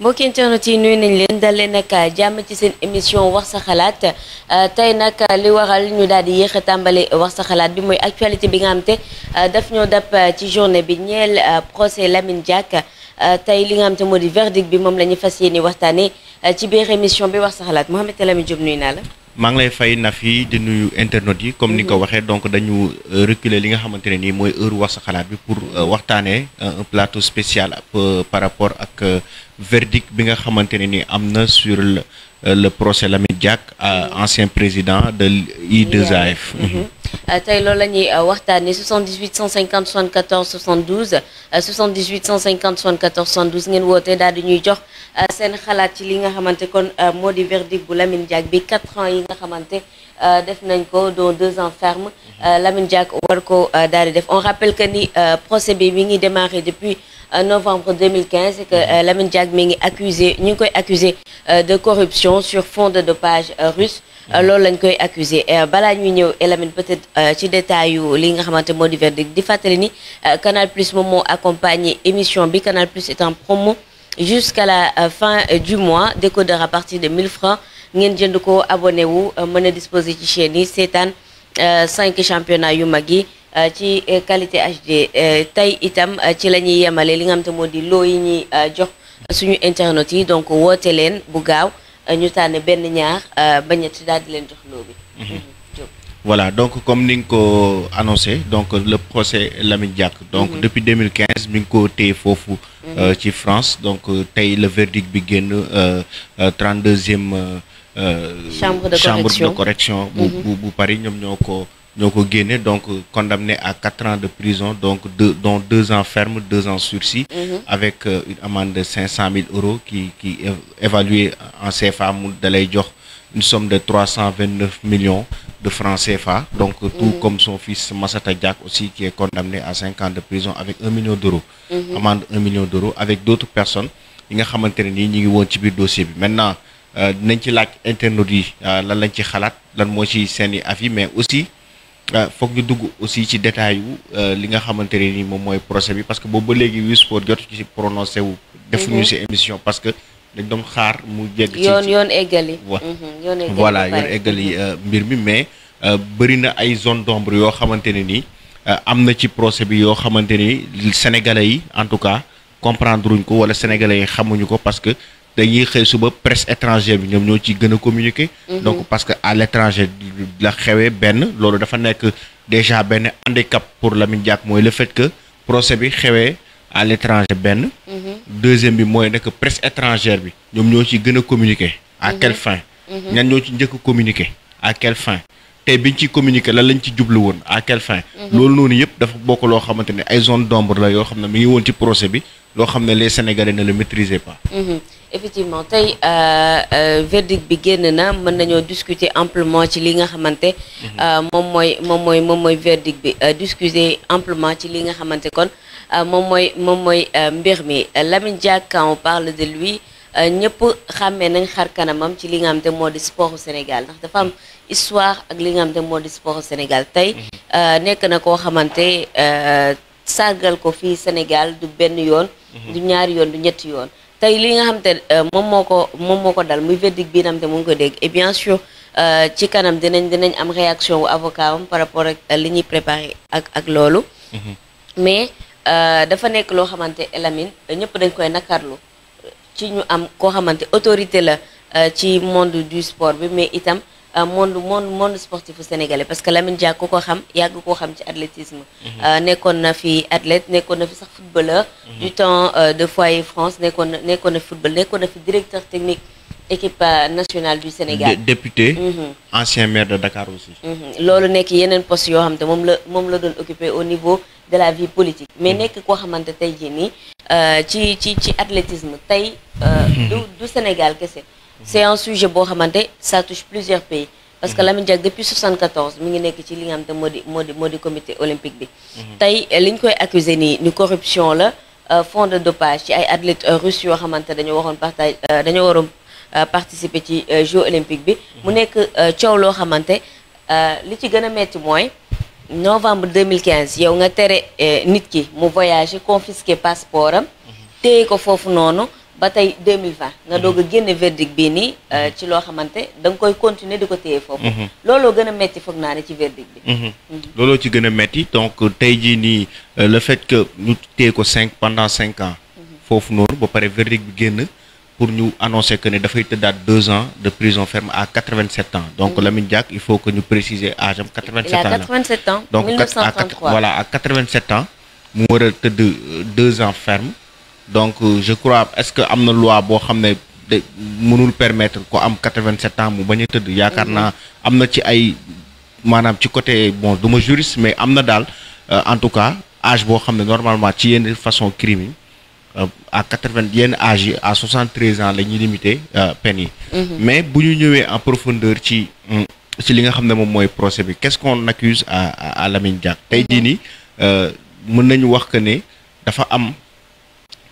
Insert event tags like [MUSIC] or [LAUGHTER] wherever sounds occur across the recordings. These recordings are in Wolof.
mbokki internet yi nuyu nañ leen dal leen nag jàmm ci seen émission wax sa xalaat euh, tey nag euh, li waral ñu daal di yéex a tàmbali wax sa xalaat bi mooy actualité bi nga xam te euh, daf ñoo dab ci journée bi ñeel procès Lamine Diack tey li nga xam te moo di verdict bi moom la ñu fas yéene waxtaanee ci biir émission bi wax sa xalaat Mouhamed Lamine Diop nuyu naa la. maa ngi lay fay na fi di nuyu internet yi comme ni ko waxee donc dañu reculer li nga xamante ne nii mooy heure wax sa xalaat bi pour waxtaanee un plateau spécial par rapport ak verdict bi nga xamante ni amna sur le, euh, le procès Lamine Diack euh, ancien président de I2AF tay lolou lañuy ñuy 78 150 74 72 78 150 74 72 ngeen wote daal di ñuy jox euh, seen xalaat ci li nga xamante kon modi verdict bu Lamine Diack bi 4 ans yi nga xamante def nañ ko deux ans ferme Lamine Diack war ko daal def on rappelle que ni procès bi mi ngi démarré depuis en euh, novembre 2015 que mhm. euh, Lamine Diack est accusé nous accusé euh, de corruption sur fond de dopage russe mhm. loolu lañ koy accusé balaa elle ñëw Lamine peut-être ci détail yu li nga xamante verdict di Canal Plus Momon accompagne émission bi Canal Plus est en promo jusqu'à la fin du mois décodeur à partir de 1000 francs ngeen jënd vous abonné wu mën a disposer ci chaîne yi 5 championnat championnats yu euh, ci euh, qualité HD euh, tay itam ci lañuy ñuy li nga xam té modi lo yi ñi jox suñu internet yi donc woté len bu gaaw ñu tànn benn ñaar ba ñett daal di len jox lo bi mhm. Mhm. voilà donc comme ni ko annoncé donc le procès Lamine Diack donc mhm. depuis 2015 mi ko té fofu ci France donc tay le verdict bi génn 32e deuxième chambre de correction bu bu bu Paris ñoom ñoo donc au donc euh, condamné à 4 ans de prison, donc dont 2 ans ferme, 2 ans sursis, mhm. avec euh, une amende de 500 000 euros qui, est évaluée en CFA une somme de 329 millions de francs CFA, donc euh, tout mhm. comme son fils Massata Diak aussi qui est condamné à 5 ans de prison avec 1 million d'euros, mhm. amende 1 million d'euros, avec d'autres personnes, terminé, ni un dossier. Maintenant, nous avons l'internaudit, nous avons l'internaudit, nous avons un nous avons l'internaudit, que ah, que ñu dugg aussi ci détail yu euh, li nga ni procès parce que bo ba légui Sport ci prononcer wu. Mhm. émission parce que xaar ci mhm, voilà mais d'ombre ni euh, procès bi yoo sénégalais en tout cas comprendre ko wala sénégalais parce que dañuy xëy suba presse étrangère bi ñoom ñoo ci gën a communiquer. Mhm. donc parce que à l'étranger la xewee benn loolu dafa nekk déjà benn handicap pour Lamine Diack mooy le fait que procès bi xewee à l'étranger benn. Mhm. deuxième bi mooy nekk presse étrangère bi ñoom ñoo ci gën a communiquer. à mhm. quelle fin. ñan ñoo ci njëkk communiquer à quelle fin. tey biñ ci communiqué lan lañ ci jublu woon à quelle fin loolu noonu yëpp dafa bokk loo xamante ne ay zone d'ombre la yoo xam ne mi ngi woon ci procès bi loo xam ne les Sénégalais ne le maîtrisaient pas effectivement tay euh, euh, verdict bi génn na mën nañoo discuter amplement ci li nga xamante mhm. euh, moom mooy moom mooy moom mooy verdict bi euh, discuter amplement ci li nga xamante kon euh, moom mooy moom mooy mbir mi Lamine Diack quand on parle de lui ñëpp xàmmee nañ xar kanamam ci li nga xamante moo di sport au Sénégal ndax dafa am histoire ak li nga xamante moo di sport au Sénégal tey mhm. nekk na koo xamante sargal ko fii Sénégal du benn yoon mhm. du ñaari yoon du ñetti yoon tey li nga xam te euh, moom moo ko moom moo ko dal muy verdict bii nga te mu ngi ko dégg et bien sûr euh, ci kanam dinañ dinañ am réaction wu avocat am par rapport ak euh, li ñuy préparé ak ak loolu mhm. mais dafa nekk loo xamante Lamine ñëpp dañ koy nakarlu ci ñu am koo xamante autorité la ci monde du sport bi mais itam Euh, monde monde monde sportif sénégalais parce que Lamine Dia ku ko xam yàgg ko xam ci athlétisme mhm. euh, nekkoon na fi athlète nekkoon na fi sax footballeur mhm. du temps euh, de foyer France né na né na fi football nekkoon na fi directeur technique équipe nationale du Sénégal député mhm. ancien maire de Dakar aussi lolu nek yenen poste yo xam te mom la mom la occupé au niveau de la vie politique mais nek ko xamanté tay jii nii ci ci ci athlétisme tay du du Sénégal c'est c'est un sujet boo xamante ça touche plusieurs pays parce que mhm. Lamine Diack depuis 74 mi ngi nekk ci li nga xamante moo di moo comité olympique bi mhm. tey eh, li ñu koy accuser ni corruption la euh, fonds de dopage ci ay athlètes euh, russes qui ont dañoo waxoon partage dañoo waroon euh, participer ci jeux olympiques bi mhm. mu nekk coow loo xamante li ci gën metti mooy novembre 2015 yow nga tere nit ki mu voyager confisquer passeport am téye ko foofu noonu ba 2020 nga doga a verdict bi ni euh, mhm. ci lo xamanté dang koy continuer diko ko téye mhm. lolo gëna metti foog ci verdict bi mhm. lolo ci gëna metti donc tay euh, le fait que ñu téy ko cinq pendant 5 ans fofu non ba verdict bi pour nous annoncer que ne fay fait 2 ans de prison ferme à 87 ans donc Lamine Diak, il faut que nous préciser âge 87 ans 87 ans donc voilà à 87 ans mu wara teud 2 deux ans ferme donc euh, je crois est-ce que amna loi bo xamné ne mënul permettre ko am 87 ans mu bañ teud yakarna mhm. amna ci ay manam ci côté bon du ma juriste mais amna dal daal euh, en tout cas âge bo xamné normalement ci yene façon crime euh, à 80 yenn âge à 73 ans lañu ñuy limité peine mhm. mais buñu ñëwé en profondeur ci mm, ci li nga xamné mom moy procès bi qu'est-ce qu'on accuse à à Lamine Diack di ni euh, mën nañu wax que né dafa am.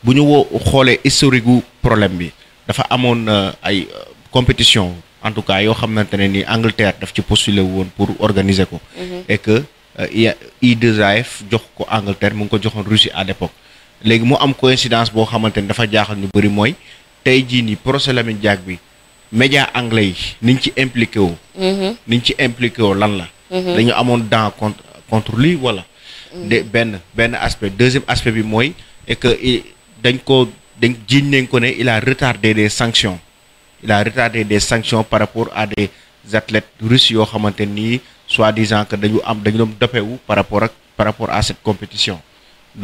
bu ñu woo xoolee historique problème bi dafa amoon euh, ay euh, compétition en tout cas yoo xamante ne ni Angleterre daf ci postuler woon pour organiser ko. Mm-hmm. et que euh, I2AF jox ko Angleterre mu ngi ko joxoon Russie à l'époque léegi mu am coïncidence boo xamante ni dafa jaaxal ñu bëri mooy tey jii ni procès Lamine jaag bi média anglais yi niñ ci impliqué woo. Mm-hmm. niñ ci impliqué woo lan la. Mm-hmm. dañu amoon dent contre contre lui wala. de benn benn aspect deuxième aspect bi mooy et dañ ko dañ jiiñ il a retardé des sanctions il a retardé des sanctions par rapport à des athlètes russes york a maintenu soi-disant que dañu am dañu paix ou par rapport ak par rapport à cette compétition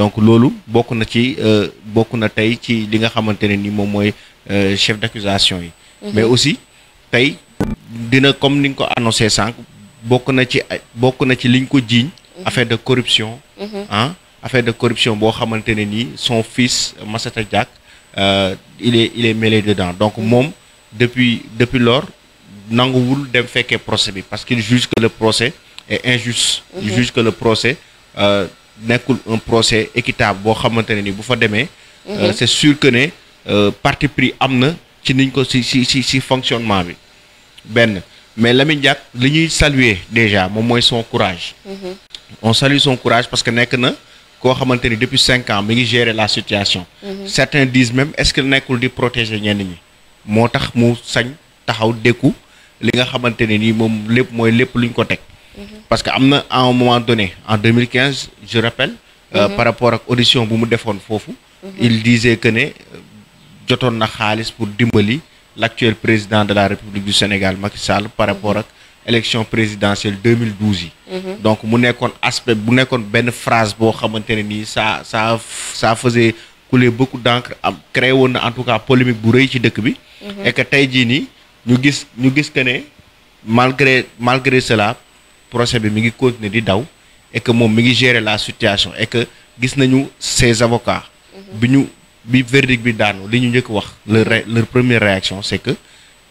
donc loolu beaucoup na ci euh, beaucoup na pas ci li nga xamante ne ni et euh, chef d'accusation mhm. mais aussi tey d'une comme ni nga annoncé 5 beaucoup na ci beaucoup na ci liñ ko mhm. affaire de corruption hein affaire de corruption bo son fils Massata euh, il est il est mêlé dedans donc mom depuis depuis lors pas dem fekkee procès parce qu'il juge que le procès est injuste il juge que le procès euh, n'est un procès équitable pour xamantene ni bu euh, c'est sûr que né parti pris amna ci niñ si fonctionnement bi mais Lamine Diack li ñuy déjà son courage mhm. on salue son courage parce que nous na koo xamante depuis 5 ans mais gérer la situation. Mhm. certains disent même est-ce que nekkul di protéger les ñi moo mu sañ taxaw dékku li nga xamante ne ni les mhm. parce qu'à un moment donné en 2015 je rappelle. Euh, mhm. par rapport à audition bu mu defoon fofu il disait que ne euh, jotoon na pour dimbali l'actuel président de la République du Sénégal Macky Sall par rapport à élection présidentielle 2012 mhm. donc mu nekkoon aspect bu nekkoon ben phrase bo xamante ni ça ça ça faisait couler beaucoup d'encre am créé woon en tout cas polémique bu reuy ci dëkk bi. Mhm. et que tey jii nii ñu gis ñu gis que né malgré malgré cela procès bi mi ngi continuer di daw et que mom mi ngi gérer la situation et que gis nañu ses avocats. Mhm. bi ñu bi verdict bi daanu li ñu ñëk wax leur leur première réaction c'est que.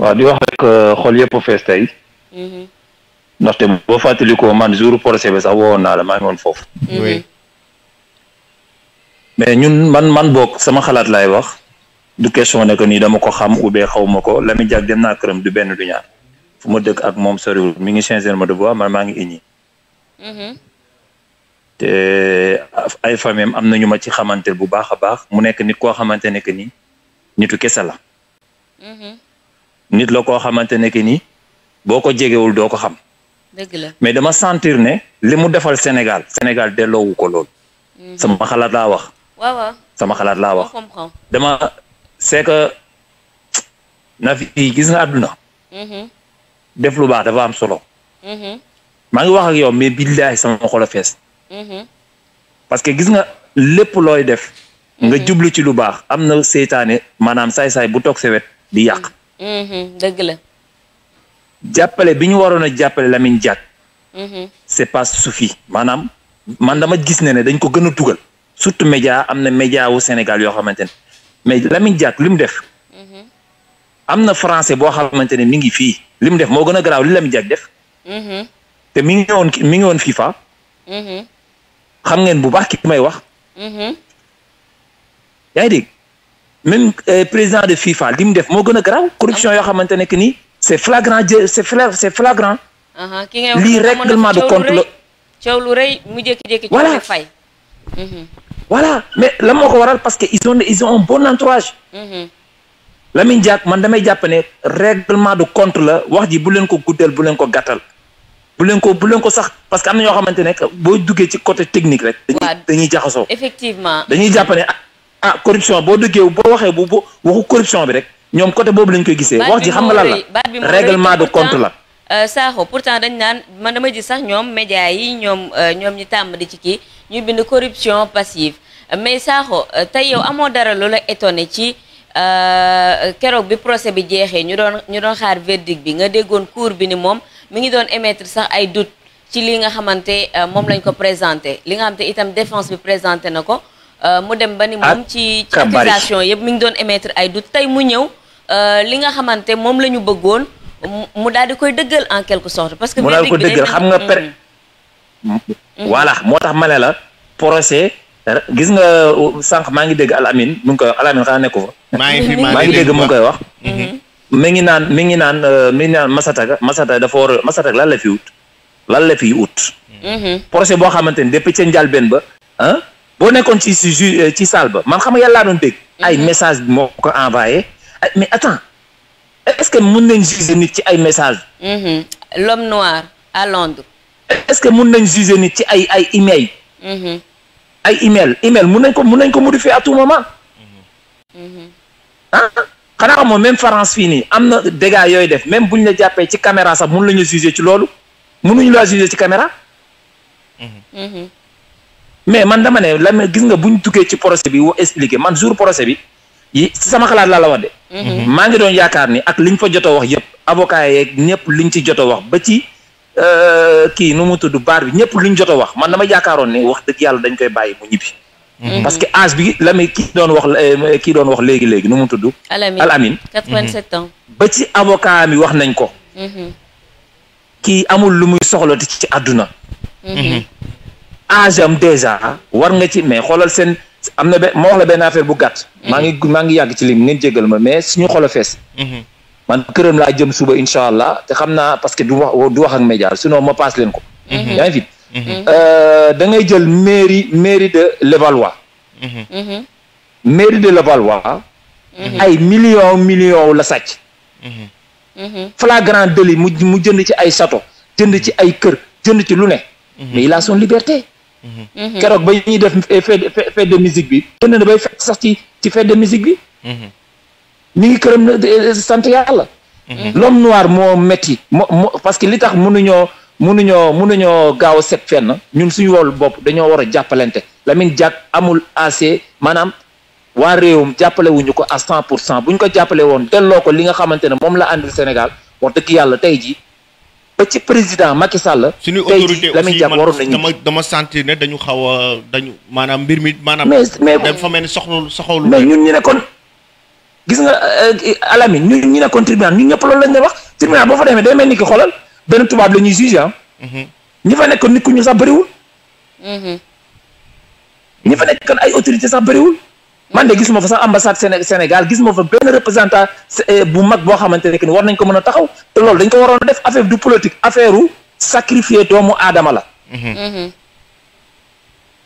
waaw di wax rek euh, xol yëpp fees tey mhm. ndaxte boo fàttalikoo man jour procès bi sax woowoon naa la maa ngi woon foofu mhm. mais ñun man man boog sama xalaat laay wax du question ne nii dama ko xam ou bien xaw ma ko Lamine Diack dem naa këram du benn du ñaar fu ma dëkk ak moom soriwul mi ngi changer ma de bois man maa ngi iñi mhm. te ay famille am ñu ma ci xamante bu baax a baax mu nekk nit koo xamante ne que ni nitu kese la nit la koo xamante ne que ni boo ko jegewul doo ko xam. mais dama sentir ne li mu defal Sénégal Sénégal delloowu ko lool. Mm. sama xalaat laa wax. waaw sama xalaat laa wax. dama c'est que na fi gis nga àdduna. Mm-hmm. def lu baax dafa am solo. Mm-hmm. maa ngi wax ak yow mais billahi sama xol a fees. Mm-hmm. parce que gis nga lépp looy def. nga jublu ci lu baax am na seytaane maanaam saay-saay bu toog sa wet di yàq. Mm-hmm. dëgg jàppale bi ñu waroon a jàppale Lamine Diack. Mm-hmm. c'est pas suffi maanaam man dama gis ne ne dañ ko gën a tugal surtout média am na média wu Sénégal yoo xamante ne mais Lamine jaat li mu def. Mm-hmm. am na français boo xamante ne mi ngi fii li mu def moo gën a garaaw li Lamine Diack def. te mi ngi woon mi ngi woon FIFA. xam ngeen bu baax ki may wax. yaa ngi même euh, président de FIFA li mu def moo gën a corruption yoo xamante que ni flagrant c'est flagrant. ki règlement de compte Le... coow lu rëy mu jékki-jékki. voilà fay. Mhm. voilà mais la moo ko waral parce que ils ont ils ont un bon entourage. Mhm. Lamine Diack man damay jàpp règlement de compte le wax ji bu leen ko guddal bu leen ko gàttal. bu leen ko bu leen ko sax parce que am na ñoo xamante ne ci côté technique rek. dañuy effectivement dañuy japonais. ah corruption boo dëggee boo waxee bu bu waxu corruption bi rek ñoom côté boobu lañ koy gisee. wax ji xam nga lan la règlement de compte la. Euh, Sakho pourtant dañ naan man dama ji sax ñoom média yi ñoom euh, ñoom ñu tàmm di ci kii ñu bind corruption passive mais Sakho euh, tey yow amoo dara loola étonné ci keroog bi procès bi jeexee ñu doon ñu doon xaar verdict bi nga déggoon cour bi ni moom mi ngi doon émettre sax ay doute ci li nga xamante moom lañ ko présenté li nga xamante itam défense bi présenté na ko. Euh, mu dem ba ni moom ci ci accusation yëpp mi ngi doon émettre ay doute tey mu ñëw euh, li nga xamante moom la ñu bëggoon mu daal di koy dëggal en quelque sorte parce que mu daal ko dëggal xam nga mm. per mm. voilà moo tax ma ne la procès gis nga euh, sànq maa ngi dégg al amin mu ngi koy wax al amin xanaa nekku fa maa ngi maa ngi dégg mu ngi koy wax mm-hmm. Mm-hmm. mi ngi naan mi ngi naan mi ngi naan masataga masata dafa war masataga lan la fi wut lan la fi ut mm-hmm. procès boo xamante ni depuis ca ba ah boo nekkoon ci ci euh, ci salle ba man xam nga yàlla laa doon dégg. Mhm. ay message moo ko envoyé. mais attends est-ce que mun nañ juger nit ci ay message mhm. l'homme noir à Londres. est-ce que mun nañ juger nit ci ay ay email. Mhm. ay email email mun nañ ko mun nañ ko modifier à tout moment. ah xanaa xam moom même France fini, nii am na dégâts yooyu def même buñ la jàppee ci caméra sax mun la ñu juger ci loolu munuñ laa juger ci caméra. mais man dama ne la gis nga bu ñu tukkee ci procès bi woo expliqué man jour procès bi sama xalaat laa la wax de. Mhm. maa ngi doon yaakaar ni ak liñ fa jot a wax yëpp avocat yeeg ñëpp liñ ci a wax ba ci euh, kii nu mu tudd baar bi ñëpp liñ jotoo wax man dama yaakaaroon ne wax dëgg yàlla dañ koy bàyyi mu ñibbi. Mhm. parce que âge bi la kii doon wax euh, kii doon wax léegi léegi nu mu tudd. Al Amine 87 ans. Mhm. ba ci avocat mi wax nañ ko. kii amul lu muy soxla ci àdduna. âge am déjà war nga ci mais xoolal seen am na be ma wax la benn affaire bu gàtt. Mhm. maa ngi maa ngi yàgg ci lim ngeen jégal ma mais suñu xol a fees. Mhm. man këram laa jëm suba incha allah te xam naa parce que du wax du wax ak média sinon ma paas leen ko. Mhm. yaa ngi fi. Euh, da ngay jël mairie de Levallois. mairie de Levallois. ay millions millions la sàcc. flagrant délit mu mu jënd ci ay sato jënd ci ay kër jënd ci lu ne. mais il a son liberté. Mm-hmm. keroog ba ñuy def fête de musique bi génn na bay fekk sax ci ci fête de musique bi mm-hmm. ngi këram na euh, sant yàlla mm-hmm. l'homme noir moo metti moo moo parce que li tax mënuñoo mënuñoo mënuñoo gaaw a set fenn ñun suñu wol bopp dañoo war a jàppalante Lamine Diack amul assez maanaam waa réewum jàppale ko à cent pour cent bu ko jàppale woon delloo ko li nga xamante ne moom la àndil Sénégal wax dëgg yàlla tey ji ba ci président Macky Sall. suñu autorité aussi man dama dama sentir ne dañu xaw dañu maanaam mbir mi maanaam. mais mais dafa mel ni soxla soxla. mais ñun ñu nekkoon gis nga euh, Alamine ñun ñu nekkoon tribunal ñun ñëpp loolu lañ leen wax tribunal boo fa demee day mel ni ki xoolal benn tubaab la ñuy jugé ah. Mhm. ñi fa nekkoon nit ñu sax bëriwul. Mhm. ñu fa nekkoon ay autorité sax bëriwul. man de gisuma fa sax ambassade Sénégal gis gisuma fa benn représentant eh, bu mag boo xamante ne ki war nañ ko mën a taxaw te loolu dañ ko waroon def affaire du politique affaire u sacrifier doomu aadama la. Mm-hmm. Mm-hmm.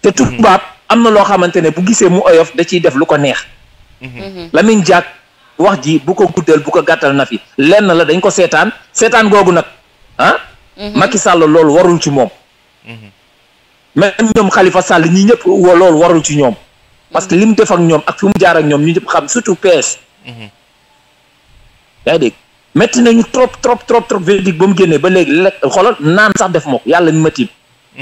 te tubaab mm-hmm. am na loo xamante ne bu gisee mu oyof da ciy def lu ko neex. Lamine Diack wax ji bu ko guddal bu ko gàttal na fi lenn la dañ ko seetaan seetaan googu nag ah. Macky Sall loolu warul ci moom. même ñoom xalifa Sall ñi ñëpp loolu warul ci ñoom. parce que li mu def ñoom ak fi mu jaar ak ñoom ñu ñëpp xam surtout PS. Mhm. yaa ngi dégg métti nañu trop trop trop trop verdict ba mu génnee ba léegi lekk xoolal naan sax def ma ko yàlla mi métti.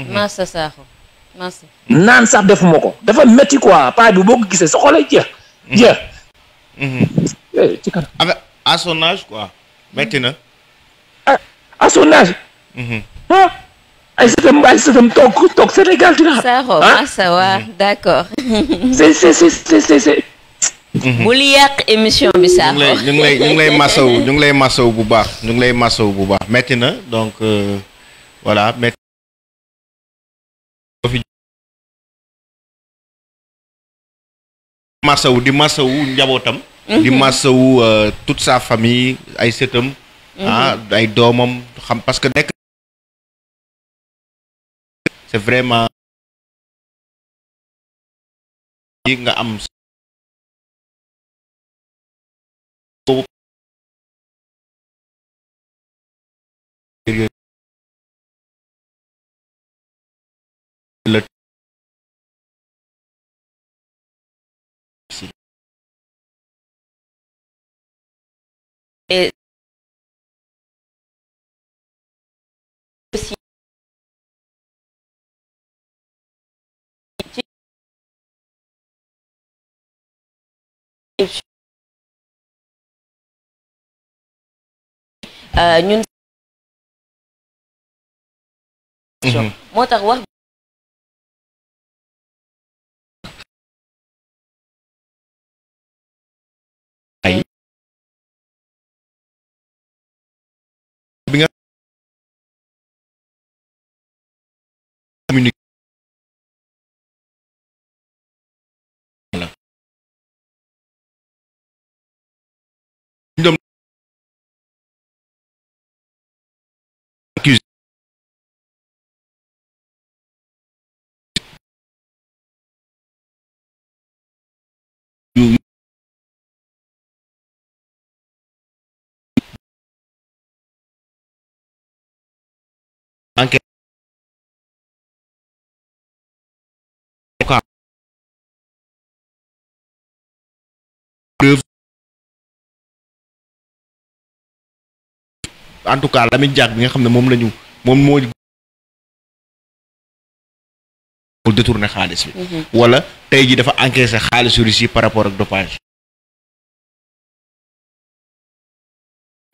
maasa mhm. naan sax defuma ko dafa métti quoi paa bi boo ko gisee sa xoolee jeex. Mhm. jeex. Eh, ci kanam avec ah, à son quoi métti na. Ah, à ay sëtam toog toog Sénégal dina xam. ah ça d'accord. [LAUGHS] c'est c'est mhm. émission bi sax. ñu lay ñu ngi lay masaw bu baax ñu ngi lay masaw bu baax metti na donc euh, voilà metti. masawu di njabootam. Mhm. di masawu euh, toute ay sëtam. Mhm. ah ay doomam parce que nekk. c'est vraiment yi It inscription uh, ñun mm-hmm. moo tax wax en tout cas Lamine Diack bi nga xam ne moom lañu moom moo détourné xaalis bi mhm. wala tey ji dafa encaissé xaalisu Russie par rapport ak dopage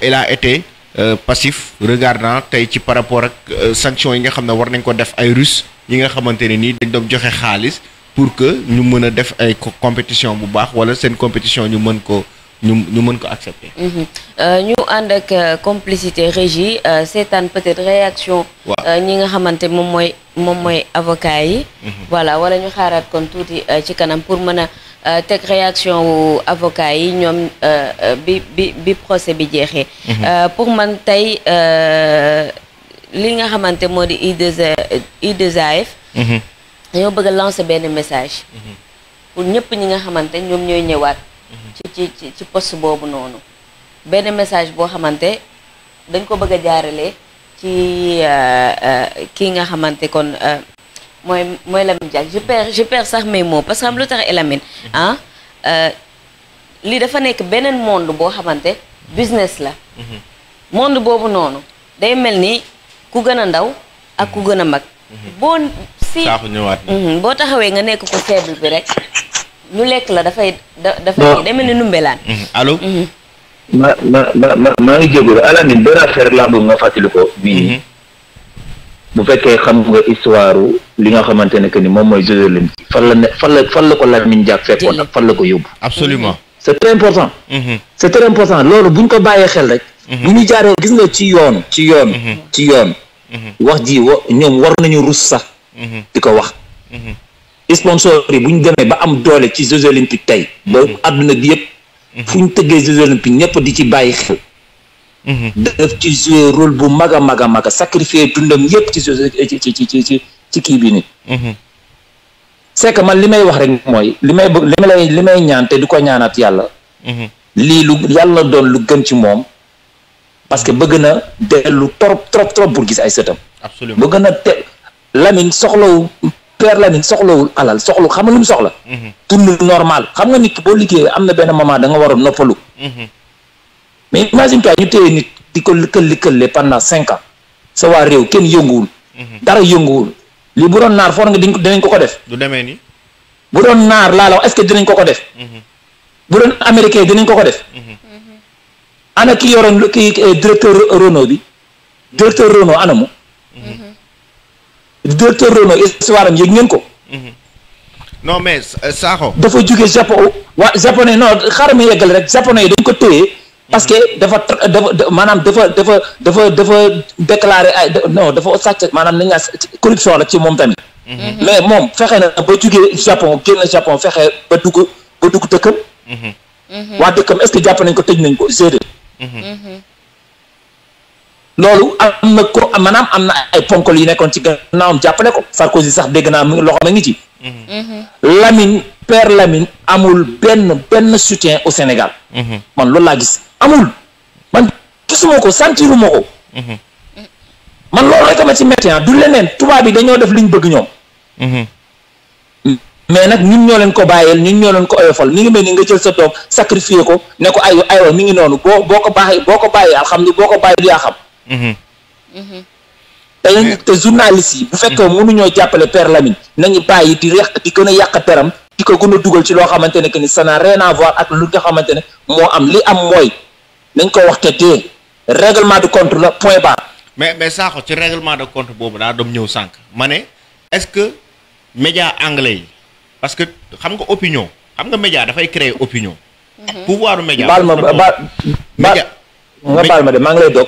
il a été euh, passif regardant tey ci par rapport ak euh, sanctions yi nga xam ne war nañ ko def ay russe yi nga xamante ne nii dañ doon joxe xaalis pour que ñu mën a def ay compétition bu baax wala seen compétition ñu mën ko ñu ñu mën ko accepter. Mhm. Euh, ñu ànd ak euh, complicité régie euh, seetaan peut-être réaction. ñi nga xamante moom mooy moom mooy avocat yi. Mhm. voilà wala ñu xaaraat kon tuuti ci kanam pour mën a teg réaction wu avocat yi ñoom bi bi bi procès bi jeexee. Mhm. pour man tey li nga xamante moo di I2A ñoo bëgg a lancer benn message. pour ñëpp ñi nga xamante ñoom ñooy ñëwaat. ci ci ci post boobu noonu benn message boo xamante dañ ko bëgg a jaarale ci euh, euh, kii nga xamante kon euh, mooy mooy Lamine Diack je perds je sax mes mots parce xam lu tax Lamine mhm. ah li dafa nekk beneen monde boo xamante business la mhm. monde boobu noonu day mel ni ku gën a ndaw ak ku mhm. gën a mag boo si boo taxawee nga nekk ko faible bi rek ñu lekk la dafay da dafay day mel ni numbelaan. Mhm. allo. Mhm. ma ma ma ma maa ngi jégalu Alamine benn affaire laa bëgg nga fàttali ko. Mhm. bii bu fekkee xam nga histoire li nga xamante ne que ni moom mooy Jeux olympiques fan la ne fan la fan la ko Lamine Diack fekkoon ak fan la ko yóbbu. absolument c' est très important. c' est très important loolu bu ñu ko bàyyee xel rek. bu ñu jaaree gis nga ci yoon. ci yoon ci yoon. wax ji wa ñoom war nañu rus sax. di ko wax. sponsor yi bu ñu demee ba am doole ci Jeux olympiques tey ba mm-hmm. àdduna bi yëpp mm-hmm. fu ñu tëggee Jeux olympiques ñëpp di ci bàyyi xel mm-hmm. daf ci jouer rôle bu mag a mag a mag a sacrifier dundam yëpp ci ci ci ci ci kii bi ni c'est que man li may wax rek mooy li may bëgg li ma lay li may ñaan te di ko ñaanaat yàlla lii lu yàlla doon lu gën ci moom parce que bëgg na dellu trop trop trop pour gis ay sëtam absolument bëgg na te Lamine soxlawu Père Lamine soxlawul alal soxlu xam nga lu mu soxla. Mhm. xam nga nit ki boo liggéeyee am na benn moment da war a noppalu. Mhm. mais imagine toi ñu téye nit di ko lëkkal lëkkalee pendant cinq ans sa waa réew kenn yënguwul. Mhm. dara yënguwul lii bu doon naar foor nga dinañ ko ko def. du demee nii. bu doon naar laa la wax est-ce que dinañ ko ko def. bu doon américain dinañ ko ko def. ana ki yoroon ki directeur Renault bi directeur Renault anamu. directeur Renault histoire am yëg ngeen ko. no mais euh, Sakho. dafa jóge Japon waa japonais no xaaral ma yeggal rek japonais yi dañ ko téye. parce que dafa dafa maanaam dafa dafa dafa dafa déclaré ay no dafa sàcc maanaam nañ naa corruption la ci moom tamit. Mhm. mais moom fexe na ba jógee Japon génn Japon fexe ba dugg ba dugg dëkkam. Mhm. Mhm. waa dëkkam est-ce que jàpp nañ ko tëj nañ ko séedéer. loolu am na ko maanaam am na ay ponkol yu nekkoon ci gannaawam jàppale ko Sarkozy sax dégg naa loxo ma ngi ci Lamine père Lamine amul benn benn soutien au Sénégal man loolu laa gis amul man gisuma ko sentiruma ko man loolu rek ma ci métti ah. du leneen tubaab yi dañoo def li ñu bëgg ñoom mais nag ñun ñoo leen ko bàyyeel ñun ñoo leen ko oyofal mi ngi mel nga jël sa doom sacrifier ko ne ko ay aywa mi ngi noonu boo boo ko baaxee boo ko bàyyee alxamdu boo ko bàyyi du Mm-hmm. Mm-hmm. te te journaliste yi bu fekkee mm-hmm. ñoo jàppale Père Lamine nañu bàyyi di yàq di gën a yàq peram di ko gën a dugal ci loo xamante ne que ni ça n'a rien à ak lu nga xamante ne moo am li am mooy nañ ko wax te dee règlement de contre la point barre. mais mais Sakho ci règlement de contre boobu daa doom ñëw sànq ma ne est-ce que média anglais yi parce que xam nga opinion xam nga média dafay créer opinion. pouvoir média. baal ma baal ma de maa ngi lay dog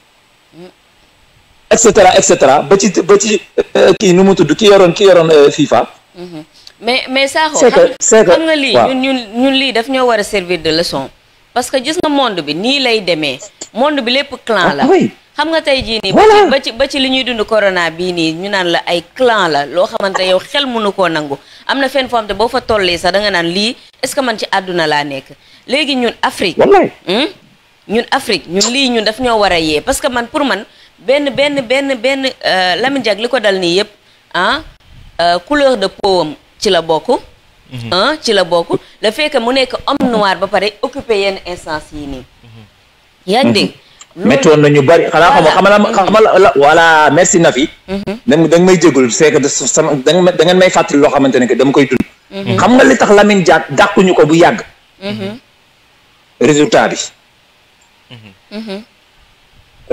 et cetera et cetera ba ci ba ci euh, euh, kii nu mu tudd ki yoroon ki yoroon euh, FIFA. Mhm. mais mais Sakho. c'est que xam nga lii ñun ñun lii daf ñoo war a servir de leçon. parce que gis nga monde bi nii lay demee monde bi lépp clan ah, la. xam nga tey jii nii. ba ci ba ci li ñuy dund corona bii nii ñu naan la ay clan la loo xamante yow xel mënu koo nangu am na fenn foo xam boo fa tollee sax da nga naan lii est-ce que man ci àdduna laa nekk léegi ñun Afrique. Hmm? ñun Afrique ñun lii ñun daf ñoo war a yee parce que man pour man. benn benn benn benn euh, Lamine Diack li ko dal nii yëpp ah euh, couleur de peau am ci la bokk. Mhm. Ah, ci la bokk le fekk mu nekk homme noir ba pare occuper yenn instance yi nii. yaa ngi mhm. dégg. métti woon na ñu bëri xanaa xam nga xam la voilà merci Nafi. Mhm. da nga may jégul c'est que sama da ngeen may fàttali loo xamante ne que dama koy dund. xam nga li tax Lamine Diack dàquñu ko bu yàgg. résultat bi.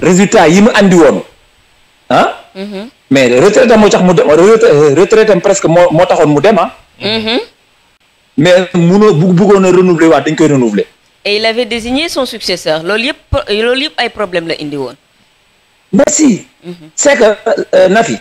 résultat yi mu andi won hein ah? mhm. mais retraité moo tax mu dem retraité presque mo taxone taxoon mu dem hein mais munoo bu renouveler wat dañ koy renouveler. et il avait désigné son successeur loolu yep loolu yep ay problème la indi woon. merci. Mhm. c'est que euh, Nafi.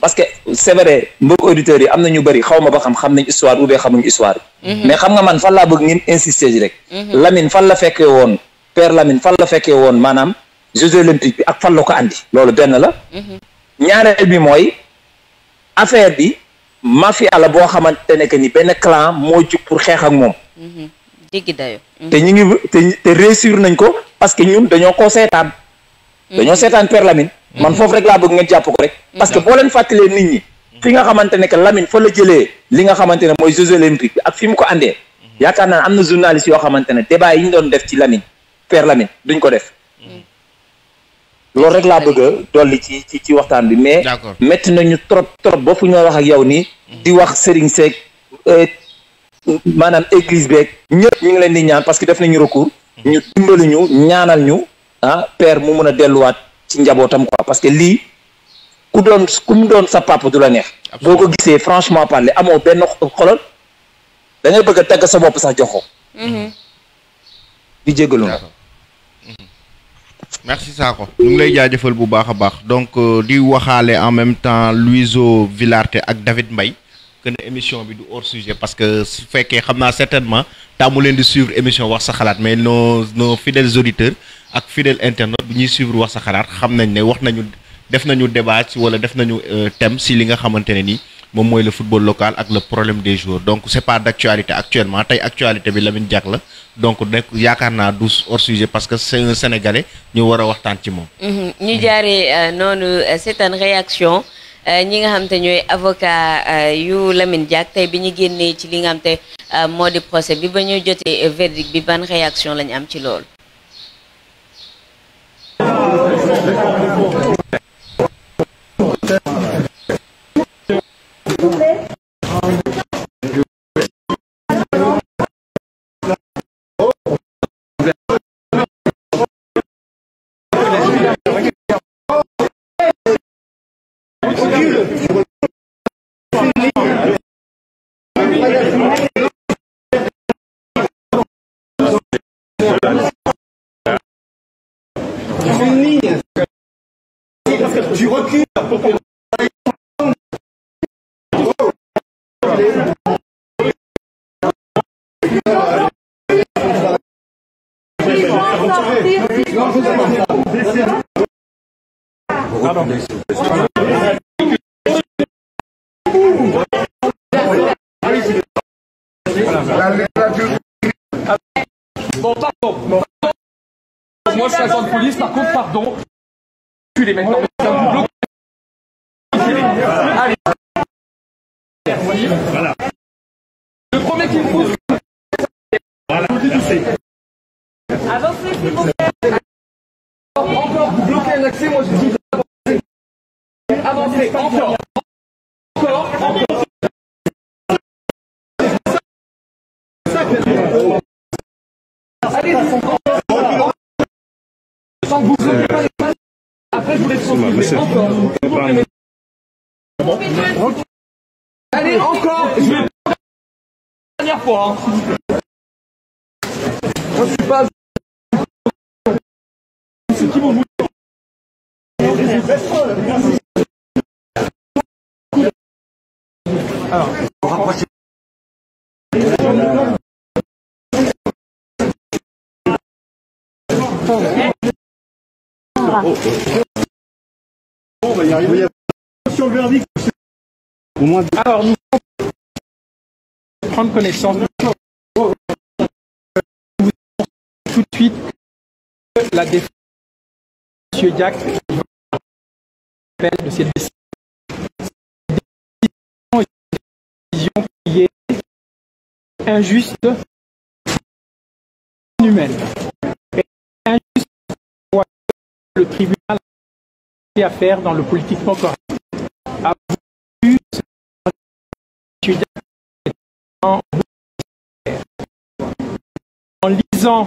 parce que c'est vrai mbok auditeur yi am ñu bari xawma ba xam xam nañ histoire ou bien xamuñ histoire. mais xam nga man fan la bëgg ngeen insister ji rek. Lamine fan la fekkee won Père Lamine fan la fekkee won manam Jeux olympiques bi ak fan la ko andi loolu benn la ñaareel bi mooy affaire bi mafia la boo xamante ne que ni benn clan moo jug pour xeex ak moom mhm. jéggi dayo mhm. te ñu ngi te te réussir nañ ko parce que ñun dañoo ko seetaan mhm. dañoo seetaan Père Lamine man foofu rek laa bëgg ngeen jàpp ko rek parce que boo leen fàttalee nit ñi fi nga xamante ne que Lamine fa la jëlee li nga xamante ne mooy Jeux olympiques bi ak fi mu ko àndee yaakaar naa am na journaliste yoo xamante ne débat yi ñu doon def ci Lamine Père Lamine duñ ko def loolu rek laa bëgg a dolli ci ci ci waxtaan bi mais. métti nañu trop trop ba fu ñoo wax ak yow ni mm. di wax sëriñ seeg euh, maanaam église beeg ñëpp ñu ngi leen di ñaan parce que def nañu recours. Mm. ñu dimbali ñu ñaanal ñu ah père mu mun a delluwaat ci njabootam quoi parce que lii ku doon ku mu doon sa papa du la neex. boo ko gisee franchement parler amoo benn xolal da ngay bëgg a tagg sa bopp sax jox ko. Mm-hmm. di jégalu merci Sarko. Nous donc euh, en même temps Luiso Villarte et David Mbaye que émission hors sujet parce que fait que, certainement que suivre l'émission. mais nos fidèles auditeurs et fidèles internautes nous suivre wax sa débat euh, thème si moom le football local avec le problème des joueurs donc c'est pas d'actualité actuellement tey actualité bi Lamine Diack donc y a qu'un du hors sujet parce que c'est un sénégalais nous voilà a waxtaan ci moom. Mhm. Euh, non euh, c'est une réaction. Euh, ñi nga xam te avocat yu Lamine diak tay bi ñu génnee ci li nga xam modi procès bi ba ñu jotté verdict bi ban réaction lañ am ci lool Pardon. Bon, pardon. Moi, je suis de police. Par contre, pardon. les maintenant. Allez. Voilà. Le premier qui me Voilà. Avancez, s'il vous plaît. Encore bloquez un accès, moi, je dis. Avancez, encore, encore, encore. pas Après, vous encore. Encore. encore. pas. Dernière fois. Hein. je suis C'est Alors. on Rapprochez. On va y arriver. Sur le verdict. Au moins. Alors nous prendre connaissance tout de suite la défense. Monsieur Diac, de service injuste humaine. Et injuste le tribunal a faire dans le politiquement correct. En lisant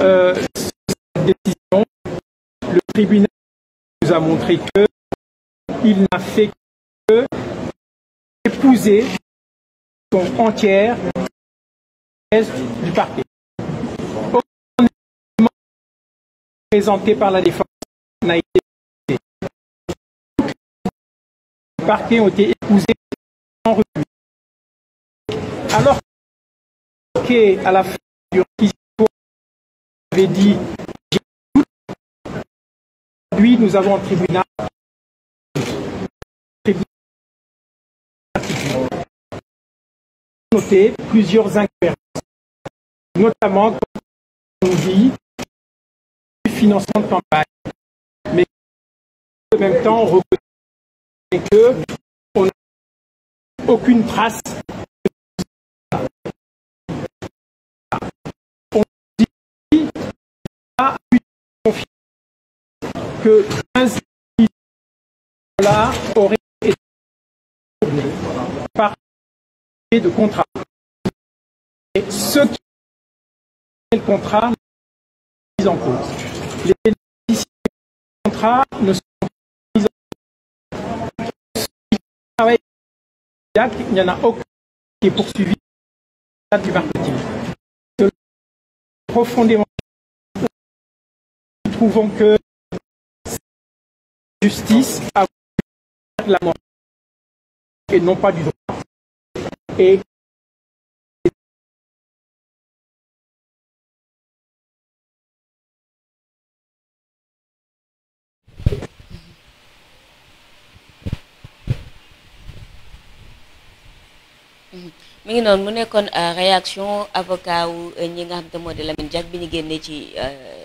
euh, cette décision, le tribunal nous a montré que il n'a fait que épouser sont entières du parquet. Aucun élément présenté par la défense n'a été les parquets ont été épousés en revue. Alors que à la fin du vous avait dit aujourd'hui nous avons un tribunal plusieurs incohérences, notamment comme on dit financement de campagne, mais en même temps on reconnaît que on n'a aucune trace on dit à une confiance que 15 dollars auraient de contrat. Et ceux qui le contrat mis en cause. Les bénéficiaires du contrat ne sont pas mis en cause. Ceux qui il n'y en a aucun qui est poursuivi dans du profondément nous trouvons que justice a la mort et non pas du droit. एक mi ngi noonu mu nekkoon euh, réaction avocat wu euh, ñi nga xam te moo di Lamine Diack bi ñu génnee ci euh,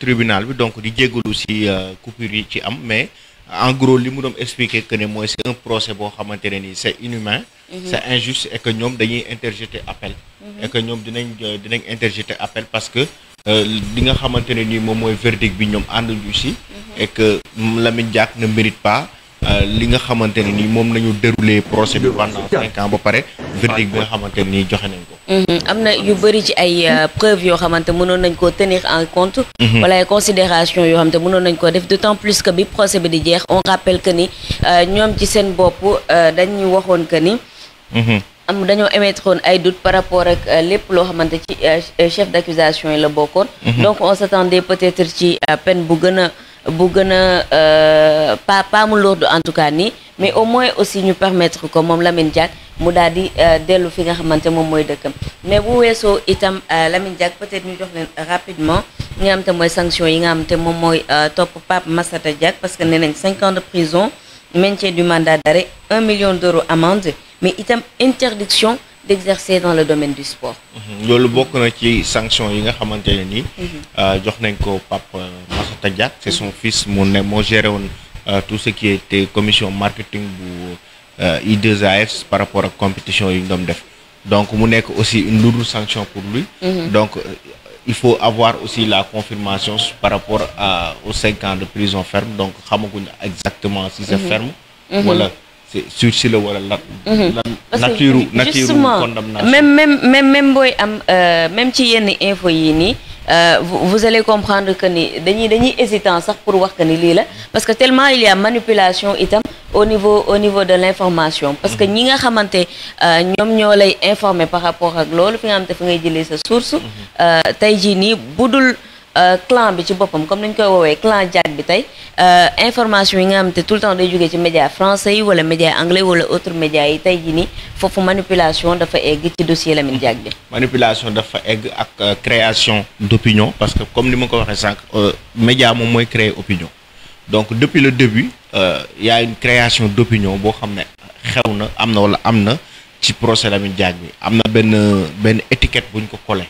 tribunal bi bi donc di jégalu ci coupure yi ci am mais en gros li mu doon expliquer que ne mooy c'est un procès boo xamante ne c'est inhumain mhm. c'est injuste et que ñoom dañuy interjeter appel mhm. et que ñoom dinañ euh, dinañ interjeter appel parce que euh, li nga xamante ne nii moom mooy verdict bi ñoom ànduñu si mhm. et que Lamine Diack ne mérite pas Euh, li nga xamante ne nii moom nañu déroulé procès bi pendant cinq ans ba pare verdict bi nga xamante ne nii mm-hmm. am na yu bëri ci ay euh, preuves yoo xamante mënoon nañ koo tenir en compte mm-hmm. wala ay considération yoo xamante mënoon nañ koo def d'autant plus que bi procès bi di jeex on rappelle que ni euh, ñoom ci seen bopp dañu waxoon que mm-hmm. am dañoo émettroon ay doute par rapport ak lépp loo xamante ci chef d'accusation yi la bokkoon donc on s'attendait peut-être ci peine bu gën bu gën euh, pas pas mu lourd en tout cas ni mais au moins aussi nous permettre comme on Lamine dit mu daal euh dellu fi nga xamante moom de dëkkam mais bu itam euh, Lamine peut-être nous jox rapidement nous xam te mooy sanction yi nga xam te moom euh, top Massata Diak parce que nous les cinq ans de prison maintien du mandat d'arrêt un million d'euros amende mais itam interdiction d'exercer dans le domaine du sport. y mhm. a na ci sanction yi nga xamante ne mhm. euh, Pape euh, c'est son mhm. fils qui ne euh, tout ce qui était commission marketing ou I2AF par rapport à la compétition yi il donc aussi une lourde sanction pour lui. donc il faut avoir aussi la confirmation par rapport à aux cinq ans de prison ferme donc xamaguñ exactement si c'est ferme. voilà sursis la wala nature nature condamnation même même même même booy am euh, même ci yenn info yii ni euh, vous allez comprendre que ni dañuy dañuy hésitant sax pour wax que ni li la parce que tellement il y a manipulation itam au niveau au niveau de l'information parce que ñi nga xamanté euh, ñom ñolay lay informer par rapport ak lolu fi nga xamante fi ngay jëlé sa source mhm. tay ji ni budul. Euh, clan bi ci bopam comme ni koy wowe clan jaat bi euh information yi nga am té tout le temps day jogé ci média français wala média anglais wala autre média yi tay jini fofu manipulation dafa egg ci dossier Lamine Diack bi. manipulation dafa egg ak euh, création d'opinion parce que comme ni ma ko waxee sànq euh, média mom moy créer opinion donc depuis le début y a une création d'opinion bo xamné xewna amna wala amna ci procès Lamine Diack bi am ben étiquette buñ ko collé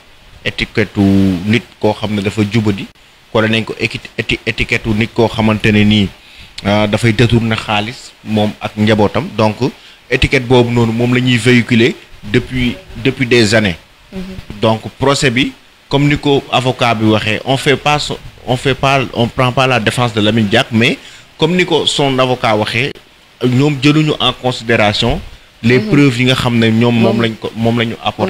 étiquette nit ko comme dafa jubadi ko nañ ko éti étiquette nit koo xamante ne nii ah, dafay détourner khalis mom ak njabotam donc étiquette bob non, mom lañuy véhiculer depuis depuis des années. Mm-hmm. donc procès bi comme niko avocat bi waxé on fait pas on fait pas on prend pas la défense de Lamine Diak mais comme niko son avocat waxé ñom jëluñu en considération les mhm. preuves yi nga xam ne ñoom moom lañ ko moom la ñu apporté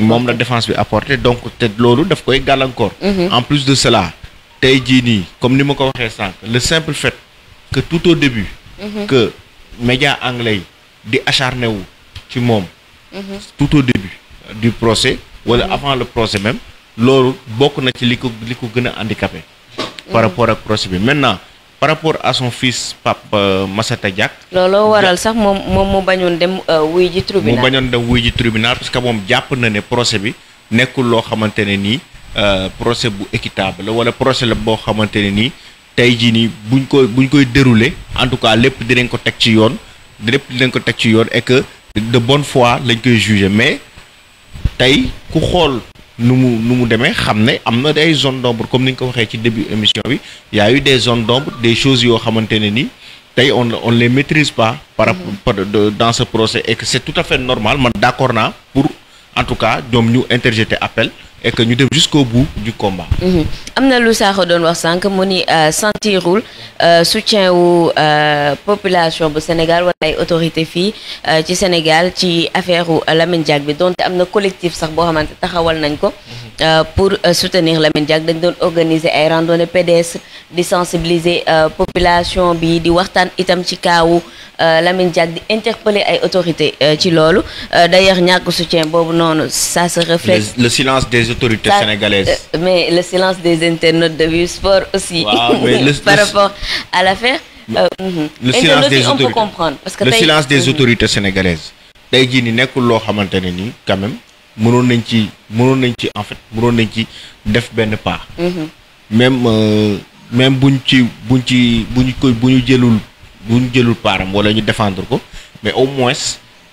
moom la défense bi apporté donc te loolu daf koy gàllankoor mhm. en plus de cela tey jii nii comme ni ma ko waxee sànq le simple fait que tout au début mhm. que média anglais yi di acharné wu ci moom tout au début du procès wala avant le procès même loolu bokk na ci li ko li ko gën a handicapé par rapport ak procès bi maintenant par rapport à son fils Pape euh, Massata Diack. looloo waral sax moom moom mu bañoon dem euh, wuy ji tribunal mu bañoon dem wuy ji tribunal parce que moom jàpp na ne procès bi nekkul loo xamante ne nii euh, procès bu équitable la wala procès la boo xamante ne nii tey jii nii buñ ko buñ koy dérouler en tout cas lépp dinañ ko teg ci yoon lépp dinañ ko teg ci yoon et que de bonne fois lañ koy juger mais tey ku xool nous nous des zones d'ombre comme nous début émission bi y a eu des zones d'ombre des choses qui ont été nii on ne les maîtrise pas. par mm-hmm. dans ce procès et c'est tout à fait normal suis d'accord pour en tout cas nous interjeter appel et que nous devons jusqu'au bout du combat. Mhm. Amna na lu que doon wax sànq mu ni euh, sentirul euh, soutien wu euh, population bu Sénégal wala ay autorités du Sénégal ci affaire ou la Diack bi avons am collectif sax boo n'anko pour soutenir la Diack dañ doon organiser un randonnée PDS di sensibiliser population bi di waxtaan itam ci kaawu Lamine Diack interpeller ay autorités. ci d'ailleurs ñàkk soutien bon non, ça se reflète le silence des des autorités sénégalaises. Euh, mais le silence des internautes de Viewsport aussi wow, le, [LAUGHS] par le, rapport à l'affaire. Euh, mhm. le silence des autorités. On peut comprendre, parce que le silence des mhm. autorités sénégalaises. tey jii ni nekkul loo xamante ne quand même mënoon nañ ci ci en fait mënoon nañ ci def ben pas. Mhm. même euh, même buñ ci buñ ci buñ ko bu ñu jëlul bu ñu jëlul paaram wala ñu défendre ko mais au moins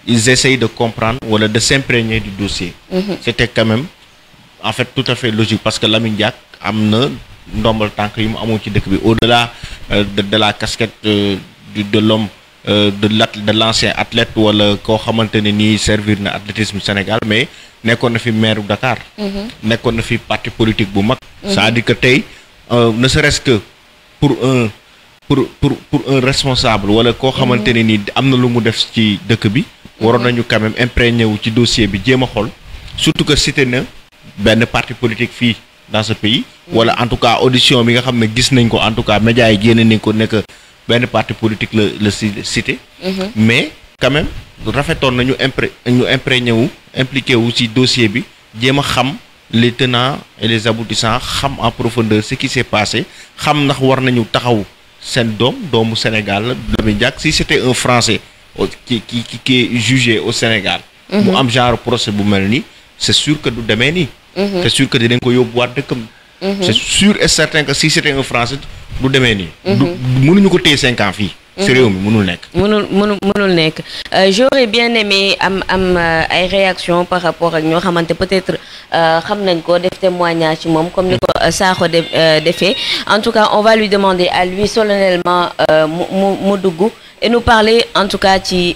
ils essayent de comprendre wala de s'imprégner du dossier. c'était quand même en fait tout à fait logique parce que Lamine Diak amna ndombal tank yu mu ci dëkk bi au delà euh, de la casquette euh, du de l'homme euh, de l' de l'ancien athlète wala ko xamanteni ni servir na Sénégal mais ne na fi maire bu Dakar. Mhm. nekkoon na fi parti politique bu mag. ça mhm. dit dire que tey ne serait-ce que pour un pour pour pour un responsable wala ko mhm. xamanteni ni amna lu mu def ci dëkk bi. waroon nañu quand même imprégné wu ci dossier bi jéem xol surtout que cité na ben parti politique fi dans ce pays. wala en tout cas audition bi nga xamné gis nañ ko en tout cas médias yi génne nañ ko nek ben parti politique le cité. Mhm. mais quand même rafetone na ñu ñu imprégné wu impliqué wu ci dossier bi djema xam les tenants et les aboutissants xam en profondeur ce qui s'est passé xam nak war nañu taxaw seen dom doomu Sénégal la Lamine Diack si c'était un Français qui qui qui est jugé au Sénégal. Mhm. mu am genre procès bu melni c'est sûr que du demee Mhm. c'est sûr que dinañ ko yóbbuwaat dëkkam. Mhm. c'est sûr et certain que si c'était un français du demee ni mhm. du mënuñu ko téy cinq ans fi si réew mi mënul nekk. mënul mënul mënul nekk euh, j'aurais bien aimé am euh, ay réaction par rapport ak ñoo xamante peut-être euh, xam nañ ko def témoignage ci moom comme ni ko Sakho de en tout cas on va lui demander à lui solennellement mu mu et nous parler en tout cas ci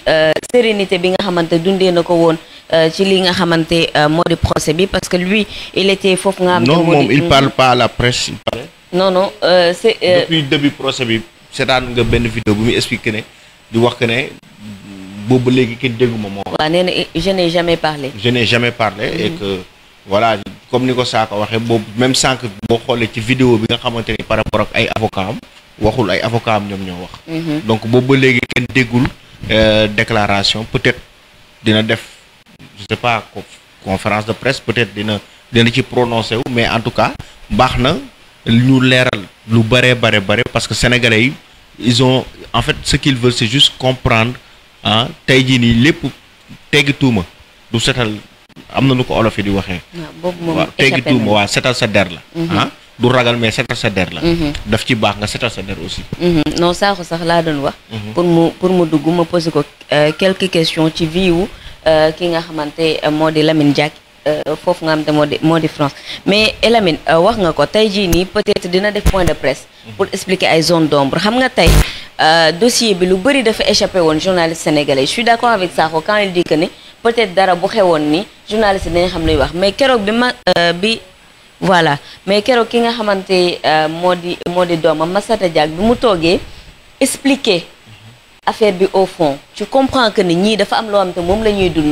sérénité bi nga xamante dundee na ko woon. Euh, ci li nga un euh, procès bi parce que lui il était faux nga non il parle pas à la presse il parle non non euh, c'est depuis début procès bi seetaan nga de vidéo bu muy expliquer de di wax que ne boobu léegi kenn dégguma moom je n'ai jamais parlé je n'ai jamais parlé et mm-hmm. que voilà comme ni ko saako même sans que beaucoup les vidéo bi nga par rapport à ay avocat am waxul mm-hmm. donc boobu ba léegi déclaration peut-être dina def je sais pas conférence de presse peut-être d'une dina qui prononcé mais en tout cas baax nous l'air leeral lu bare bare bare parce que sénégalais ils ont en fait ce qu'ils veulent c'est juste comprendre hein tey les pour lépp teggi tuuma du setal am na nu ko olof yi di waxee. waaw teggi tuuma wa setal sa der la. Mhm. ah du ragal mais setal sa der la. Mhm. daf ci bax nga setal sa der aussi. Mhm. non saako sax la doon wax. pour mu pour mu dugg ma poser ko euh, quelques questions ci vie wu. Euh, ki nga xamanté euh, modi Lamine Diack euh, fofu nga xamante moo modi France mais eh, Lamine wax nga ko tey jii nii peut-être dina def point de presse mhm. pour expliquer ay zone d'ombre xam nga tay dossier bi lu bëri dafa échapper won journaliste sénégalais je suis d'accord avec ça quand il dit que ni peut-être dara bu xewoon ni journaliste dañ xam luy wax mais kérok bi ma bi voilà mais keroog ki nga xamanté modi modi moo di doomam Massata Diack bi mu toogee expliquer affaire du au fond tu comprends que les nids de am l'homme de te moom la de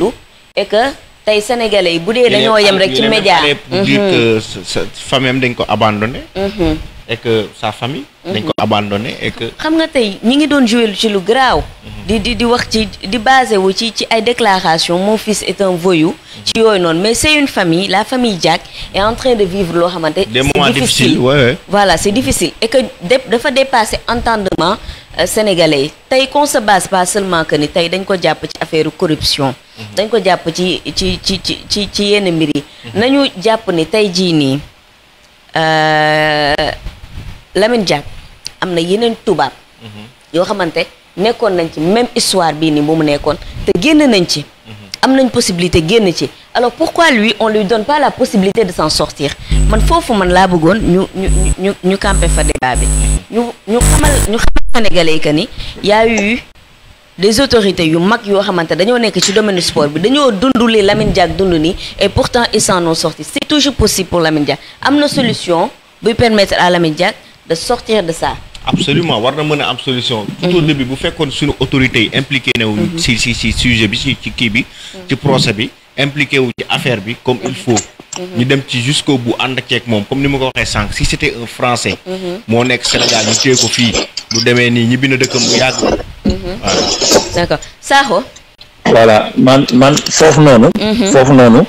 et que les sénégalais yi bu dee les yem rek ci média pour dire mhm. que famille abandonné mhm. et que sa famille dañ ko mhm. abandonné et que xam nga ni ñi ngi le jouer ci lu garaaw di di di wax ci di wu ci ci ay déclaration mon fils est un voyou ci es non mais c'est une famille la famille jack est en train de vivre lo xamanté des moments difficiles voilà c'est difficile et que dafa dépasser entendement Euh, sénégalais yi tey qu'on se base que ni tey dañ ko jàpp ci affaire corruption mhm. dañ ko jàpp ci ci ci ci ci ci yenn mbir yi mhm. nañu jàpp ni tey jii nii euh, Lamine Diack am na yeneen tubaab mhm. yoo xamante nekkoon nañ ci même histoire bii nii bu mu nekkoon te génn nañ ci Amener possibilité de ci alors pourquoi lui on lui donne pas la possibilité de s'en sortir man faut man la bëggoon ñu ñu ñu nous campé fa débat bi ñu ñu xamal ñu sénégalais que ni y a eu des autorités yu mag yoo xamante dañoo nekk ci domaine sport bi ont dund li Lamine Diak, dund et pourtant ils s'en ont sorti c'est toujours possible pour Lamine y a une solution pour permettre à Lamine Diak de sortir de ça absolument warna na am solution. Mhm. tout au bu fekkone suñu autorité impliqué né wu si mhm. si si sujet bi si ci ki bi. ci mhm. procès bi impliqué wu ci affaire bi comme il faut. ñu dem ci jusqu'au bout ànd ak mom comme ni ma ko waxé sank si c'était un français. mo nek Sénégal ñu téye ko fi bu démé ni ñibbi na dëkkam bu yàgg. d'accord Sakho. voilà man man foofu nonu foofu nonu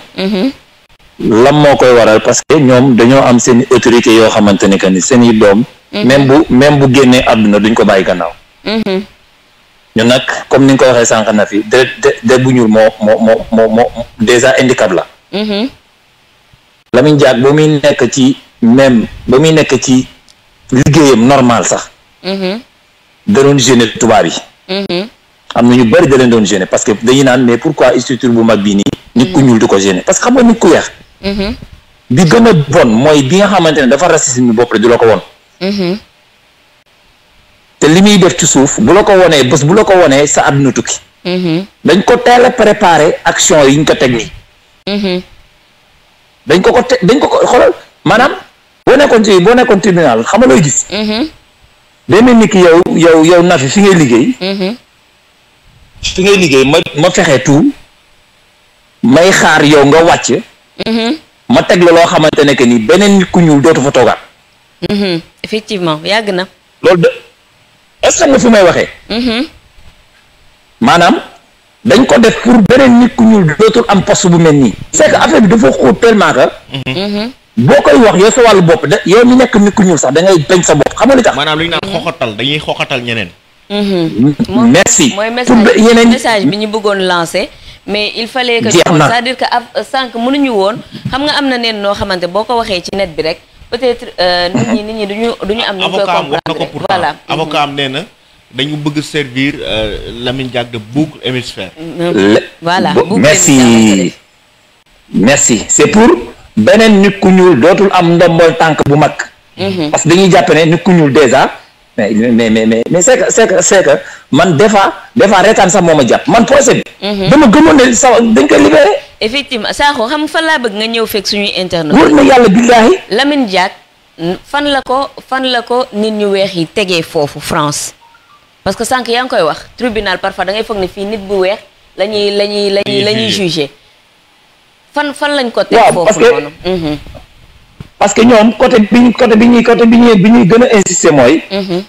lan mo koy waral parce que ñom dañoo am seen autorité yo xamante que ni seen i Mhm. même bu même bu génnee àdduna duñ ko bàyyi gannaaw. Mhm. ñu nag comme ni nga ko waxee sànq na fi deret deret bu ñuul moo moo moo moo moo déjà handicap la. Mhm. Lamine Diack ba muy nekk ci même ba muy nekk ci liggéeyam normal sax. da doon gêné tubaab yi. am na ñu bëri da leen doon gêné parce que dañuy naan mais pourquoi structure bu mag bii nii. nit ku ñuul du ko gêné parce xam nga ku weex. bi gën a bon mooy bi nga xamante ne dafa racisme bi bopp rek du la ko woon. Mm-hmm. te li muy def ci suuf bu la ko wonee bës bu la ko wonee sa àdduna tukki mm-hmm. dañ ko teel a préparé action yi ñu ko teg nii mm-hmm. dañ ko ko te dañ ko ko xoolal maanaam boo nekkoon ci boo nekkoon tribunal xam nga looy gis day mel ki yow yow yow Nafi fi ngay liggéey fi ngay liggéey ma ma fexe tout may xaar yow nga wàcc ma teg la loo xamante ne que ni beneen nit ku ñuul dootu fa toogaat Mm-hmm. effectivement yàgg na. loolu de est-ce que xam nga fi may waxee. Mm-hmm. maanaam dañ ko def pour beneen nit ku ñuul dootul am post bu mel nii. c'est que affaire bi dafa xóot tellement mm-hmm. boo koy wax yow sa wàll bopp de yow mi nekk nit ku ñuul sax da ngay bañ sa bopp xam nga li tax. maanaam lu ñu naan xoxatal dañuy xoxatal ñeneen. merci mooy message bi ñu bëggoon lancé. mais il fallait que. jeex na c'est-à-dire que ab euh, sànq mënuñu woon xam nga am na neen noo xamante boo ko waxee ci net bi rek. peut-être euh, nit ñi nit ñi duñu duñu am. ñu koy comprendre voilà avocat am nee na dañu bëgg servir euh, Lamine Diack de boucle hémisphère. Euh, voilà merci merci c'est pour beneen nit ku ñuul dootul am ndombol tànk bu mag. Mhm. parce que dañuy jàpp ne nit ku ñuul déjà mais mais mais mais c'est c'est c'est que man des fois des fois reetaan sax moo ma jàpp man procès bi. Mhm. dama gëmoon ne sama dañ koy libéré. effectivement Sakho xam fan laa bëgg nga ñëw fekk suñuy internet. wóor na yàlla billaahi. Lamine Diack fan la ko fan la ko nit ñu weex yi tegee foofu France parce que sànq yaa ngi koy wax tribunal parfois da ngay foog ne fii nit bu weex la ñuy la ñuy la la ñuy jugé fan fan lañ ko teg foofu noonu mhm. parce que ñoom côté bi côté bi ñuy côté bi ñu bi ñuy gën a insister mooy mhm.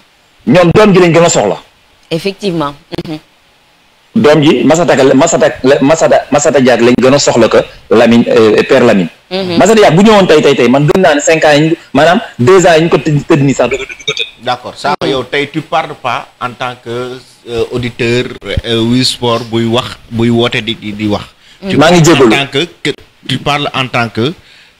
ñoom doom ji lañ gën a soxla effectivement mhm. dom ji Massata Massata Massata Massata Diack lañ gëna soxla ko Lamine euh, Père Lamine. Mhm. Massata Diack bu ñëwon tay tay tay man gën naa 5 ans manam 2 ans ñu ko teud ni sax du ko yow tay tu parles pas en tant que euh, auditeur euh, Wii Sport buy wax buy woté di di wax. Mhm. ma ngi jéggul en tant que tu parles en tant que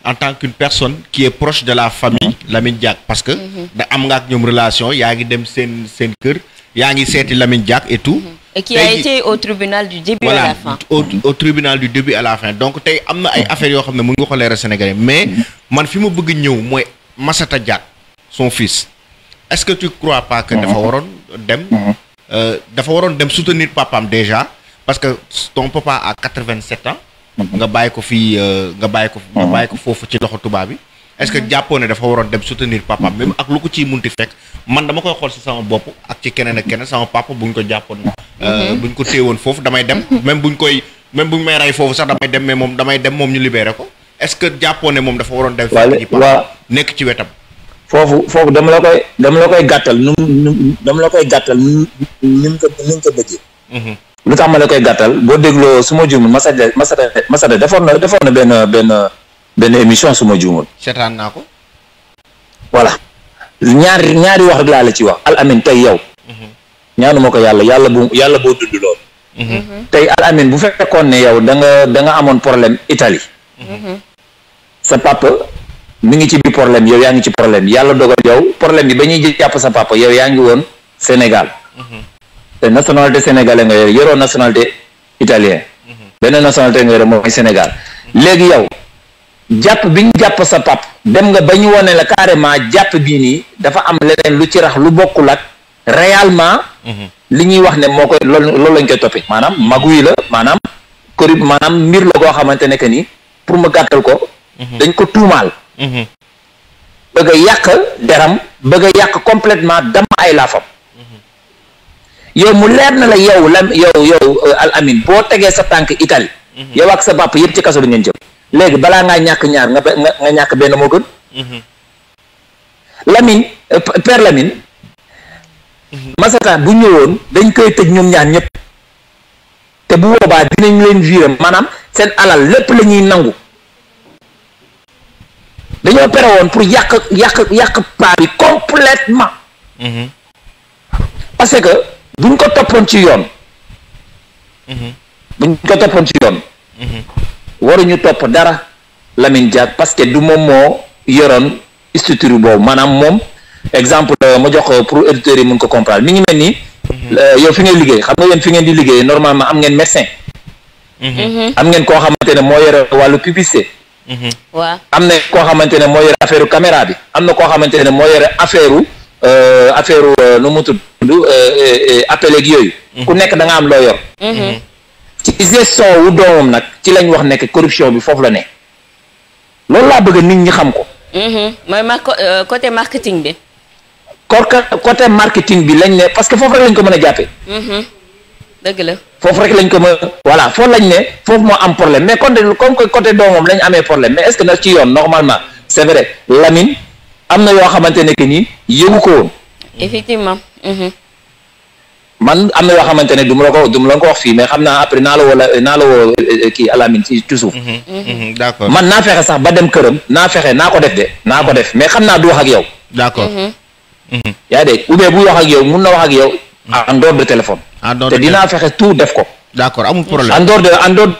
en tant qu'une personne qui est proche de la famille mhm. Lamine Diack parce que. da am nga ak ñom relation yaa ngi dem sen sen kër yaa ngi Lamine Diack et tout. et qui a été au tribunal du début à la fin. Au, au tribunal du début à la fin donc tu as na ay affaires yoo xam ne nga ko Sénégalais mais man fi ma bëgg ñëw mooy Massata Diack son fils est-ce que tu crois pas que dafa waroon dem. Euh, dafa dem soutenir papam déjà parce que ton papa a 87 ans. nga bàyyi ko fii euh, nga bàyyi ko. nga ci est-ce que jàppoo ne dafa waroon dem soutenir papa même ak lu ko ciy munti fekk man dama koy xool si sama bopp ak ci keneen ak keneen sama papa buñ ko jàppoon euh, mhm. buñ ko téewoon foofu damay dem mhm. même buñ koy même buñ may rey foofu sax damay dem mais moom damay dem moom ñu libéré ko est-ce que jàppoo ne moom dafa waroon dem fekk ci papa nekk ci wetam foofu foofu dama la koy dama la koy gàttal nu mu dama la koy gàttal nu mu ko nu mu ko bëggee mhm. lu tax ma la koy gàttal boo dégloo su ma jumul Masada Masada Masada defoon na defoon na benn benn ben émission suma djumul juumul. nako voilà ñaar ñaari wax la la ci wax al amin tay yow. Mhm. ñaanu ma ko yàlla yàlla bu yalla bo dund lool mhm. mhm. tay al amin bu fekkone yow da nga da nga amone problème Italie. sa papa mi ngi ci bi problème yow yaangi ci problème yalla dogal yow problème bi ba japp sa papa yow yaangi won woon Sénégal. té nationalité sénégalais nga yore nationalité italien. benn nationalité nga yore mooy Sénégal légui yow japp biñu japp sa pap dem nga bañu woné la carrément japp bi ni dafa am leneen lu ci rax lu bokkul ak réellement mhm. li ñuy wax né moo koy loolu lañ koy topé manam magu yi la manam korib manam mbir la go xamantene ni pour ma gattal ko mhm. dañ ko tuumaal mhm. bëgg a deram bëgg a complètement dama ay laafam yow mu leer na la yow yow yow euh, al amin bo tegee sa tank Italie yow ak sa bàpp yépp ci kasso ñu léegi balaa ngaa ñàkk ñaar nga nga ñàkk benn moo gën mhm. Lamine euh, Père Lamine mhm. Masata bu ñëwoon dañ koy tëj ñoom ñaar ñëpp te bu boobaa dinañ leen virer maanaam seen alal lépp la ñuy nangu dañoo perewoon pour yàq yàq yàq paa bi complètement mhm. parce que buñ ko toppoon ci yoon buñ ko toppoon ci yoon waruñu top dara Lamine Diack parce que du moom moo yoroon structure bo manam mom exemple euh, mo jox pour auditeurs yi mën ko comprendre mi ngi melni mhm. euh, yow fi ngay liggéey xam nga yeen fi ngeen di liggéey normalement am ngeen médecin. Mhm. Mhm. am ngeen ko xamantene mo moo walu wàllu publicité. waaw am na ko xamantene mo moo yore affaire caméra bi am na koo xamante ne moo yore affaire euh, affaire nu mu euh appel ak yooyu. ku nek da nga am loo yor. ci gestion wu doomam nag ci lañ wax nekk corruption bi foofu la ne loolu laa bëgg nit ñi xam ko. Mm-hmm. mooy ma euh, côté marketing bi. côté marketing bi lañ ne parce que foofu rek lañ ko mën a jàppee. Mm-hmm. dëgg la foofu rek lañ ko mën voilà foofu lañ ne foofu moo am problème mais kon comme que côté doomam lañ amee problème mais est-ce que nag ci yoon normalement c'est vrai Lamine am na yoo xamante ne que ni yëgu ko woon. effectivement. Mm-hmm. man am na yoo xamante ne du ma la ko du wax fii la ba dem naa fexe naa de mhm. mm-hmm. na wax ak yow. Mm-hmm. en dehors de téléphone. te dinaa fexe tout def ko. d'accord amul problème en dehors de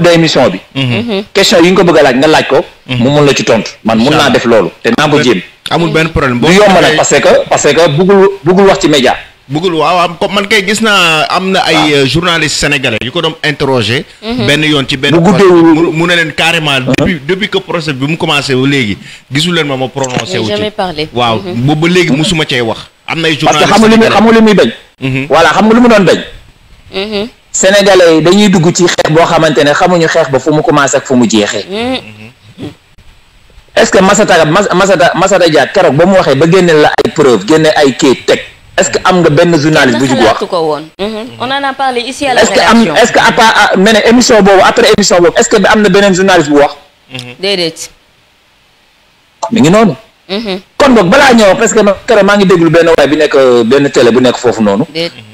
en bi. Mm-hmm. Mhm. question nga a laaj ko. mu mun la ci tontu man mun naa def loolu. te naa ko jéem amul benn problème du yomb nag parce que parce que buggul buggul wax ci média. bëggul waaw am comme man kay gis naa am na ay ah. euh, journaliste sénégalais yu ko doon interroger mhm. benn yoon ci benn mu ne leen carrément ah. depuis depuis que procès bi mu commencé ba léegi gisul leen ma ma prononcé wu ci waaw mhm. boobu ba léegi musuma cay wax am na ay journaliste parce que xamul lu muy mhm. xamul lu voilà xam nga lu mu doon bañ sénégalais yi dañuy dugg ci xeex boo xamante ne xamuñu xeex ba fu mu commencé ak fu mu jeexee est-ce que Massata Massata Massata Dia keroog ba mu waxee ba génneel la ay preuve génne ay kayit teg est-ce que am nga benn journaliste bu jug wax mhm. est-ce que am est-ce que à part ah, me ne émission boobu après émission boobu na beneen journaliste bu wax. Mhm. déedéet. ngi noonu. Mhm. kon boog balaa ñëw parce que keroog maa ngi déglu benn waay bi nekk euh, benn télé bu nekk foofu noonu.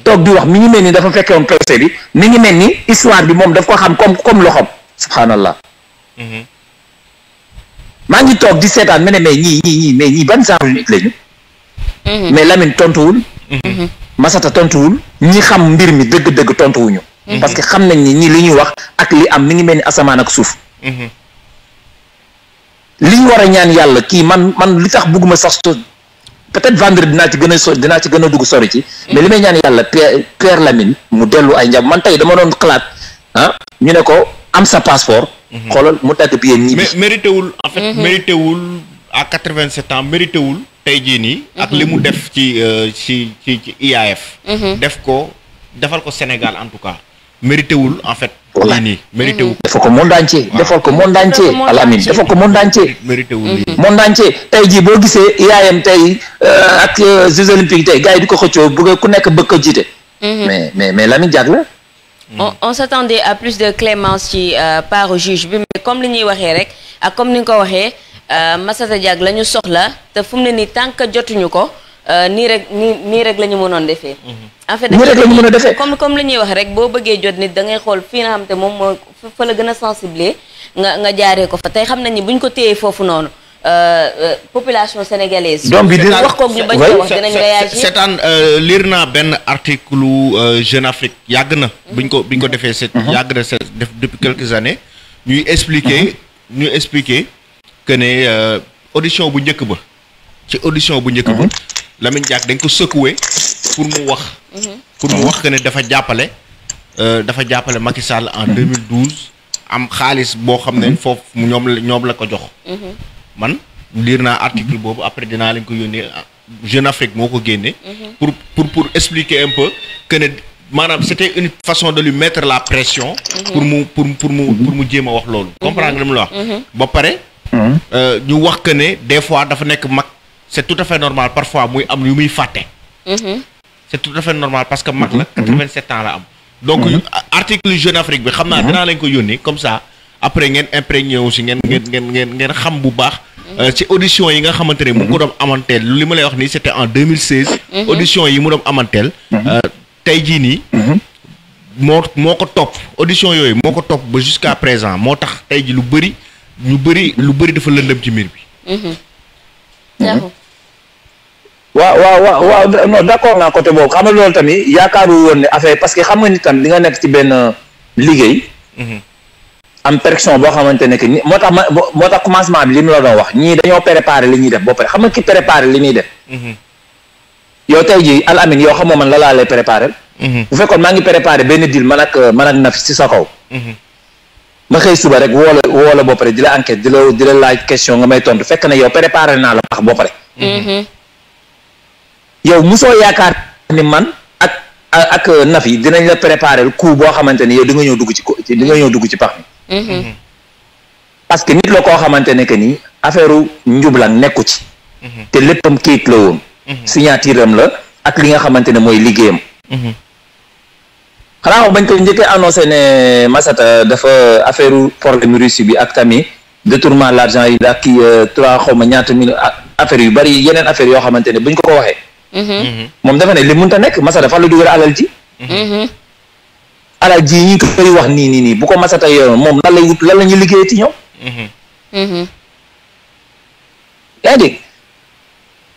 toog di wax mi ngi mel ni dafa fekke woon procès bi mi ngi mel ni histoire bi moom daf ko xam comme comme loxoom subhanallah. maa ngi toog di seetaan me ne mais ñii ñii ñii mais ñii ban genre nit lañu. Mhm. mais Lamine tontu tontuwul mhm. Masata wul ñi xam mbir mi deug deug tontu wuñu mhm. parce que xam nañ ni ñi liñu wax ak li am mi ngi melni asaman ak suuf liñ wara ñaan yalla ki man man li tax bugguma sax peut-être vendredi dina ci gëna sori dina ci gëna dugg sori ci mais limay ñaan yalla père Lamine mu dellu ay njab man tay dama doon xalat han ah, ñu ne ko am sa passeport xolal mu dagg bi ñi mérité wul en fait mérité wul à 87 ans mérité wul tayji ni ak li mhm. def euh, ci ci ci IAF. Mhm. def ko defal ko Sénégal en tout cas mérité wul en fait. voilà nii mérité wul. Mhm. defal ko monde entier defal ko monde entier Alamine defal ko monde entier. mérité wul monde entier tey jii boo IAM tey euh, ak euh, Jeux olympiques tey gars yi di ko xëccoo bëgg ku nekk bëgg ko mais mais mais Lamine Diack la. on on s'attendait à plus de clémence ci par juge mais comme li ñuy waxee rek comme ni ko Euh, Massata Diack la ñu soxla te fu mu ne nii tant que jotuñu ko euh, nii rek nii nii rek la ñu mënoon defee. Mhm. en fait nii mën a comme comme li ñuy wax rek boo bëggee jot nit dangay xool fii nga xam te moom moo fa la gën a sensibiliser nga nga jaaree ko fa tey xam nañ ni bu ñu ko téyee foofu noonu. Euh, population sénégalaise. doom bi dina wax koog ñu bañ ko wax dinañ réagir seetaan liir naa benn article Jeune Afrique yàgg na. buñ ko buñ ko defee. Mhm. yàgg na def depuis quelques années. ñuy expliquer mhm. ñuy expliquer. que ne euh, audition bu ñëk ba ci audition bu ñëk ba mhm. Lamine Diack dañ ko secoué pour mu wax mhm. pour mu mhm. wax que né dafa euh dafa jappalé Macky Sall en 2012 am xaliss bo xamné ne ñom ñom la ko jox man lire naa article bobu après dina leen ko yoni Jeune Afrique moko guenné pour pour pour expliquer un peu que né manam c'était une façon de lui mettre la pression pour mu pour pour mu pour mu dire moi wax loolu comprendre nga bon pareil wax ba paré euh, ñu wax que des fois c'est tout à fait normal parfois muy mhm. tout à fait normal parce que 87 mhm. ans donc mhm. euh, article Jeune Afrique comme ça après imprégné euh, mu en 2016. audition yi mu audition présent ñu bëri lu bëri dafa lëndëm ci mbir bi. Mhm. waaw waaw waaw waaw non d'accord naa côté boobu xam nga loolu tamit yaakaaru woon ne affaire parce que xam nga nit tam di nga nekk ci benn euh, liggéey. Mhm. am perfection boo xamante ne ni moo tax ma moo tax commencement bi li mu la doon wax ñii dañoo préparer li ñuy def ba pare xam nga ki préparer li muy def. Mhm. yow tey jii al amin yow xamoo man la laa lay préparer. bu fekkoon maa ngi préparer benn deal man ak euh, man ak Nafis ci sa kaw. ma xëy suba rek woo la woo la ba pare di la enquête di la laaj question nga may tontu fekk na yow préparé naa la wax ba pare. Mm-hmm. yow musoo yaakaar ni man ak ak naf yi dinañ la préparé coup boo xamante ni yow di nga ñëw dugg ci ko di nga ñëw dugg ci pax mi. Mm-hmm. parce que nit la koo xamante ne que ni affaire njublan nekku ci. Mm-hmm. te léppam kayit la woon. signature la ak li nga xamante ne mooy liggéeyam. xanaa bañ koy njëkkee annoncé ne Massata dafa affaire problème Russie bi ak tamit détournement l' argent yi ak kii euh, trois xaw ma ñaata mille affaire yu bari yeneen affaire yoo xamante ne buñ ko ko waxee. Mm-hmm. Mm-hmm. moom dafa ne li mënta nekk Massata fa la dugal alal ji. Mm-hmm. alal ji ñi koy wax nii nii nii bu ko Massata yoroon moom lan lay wut lan la ñuy liggéeyee ci ñoom. yaa ngi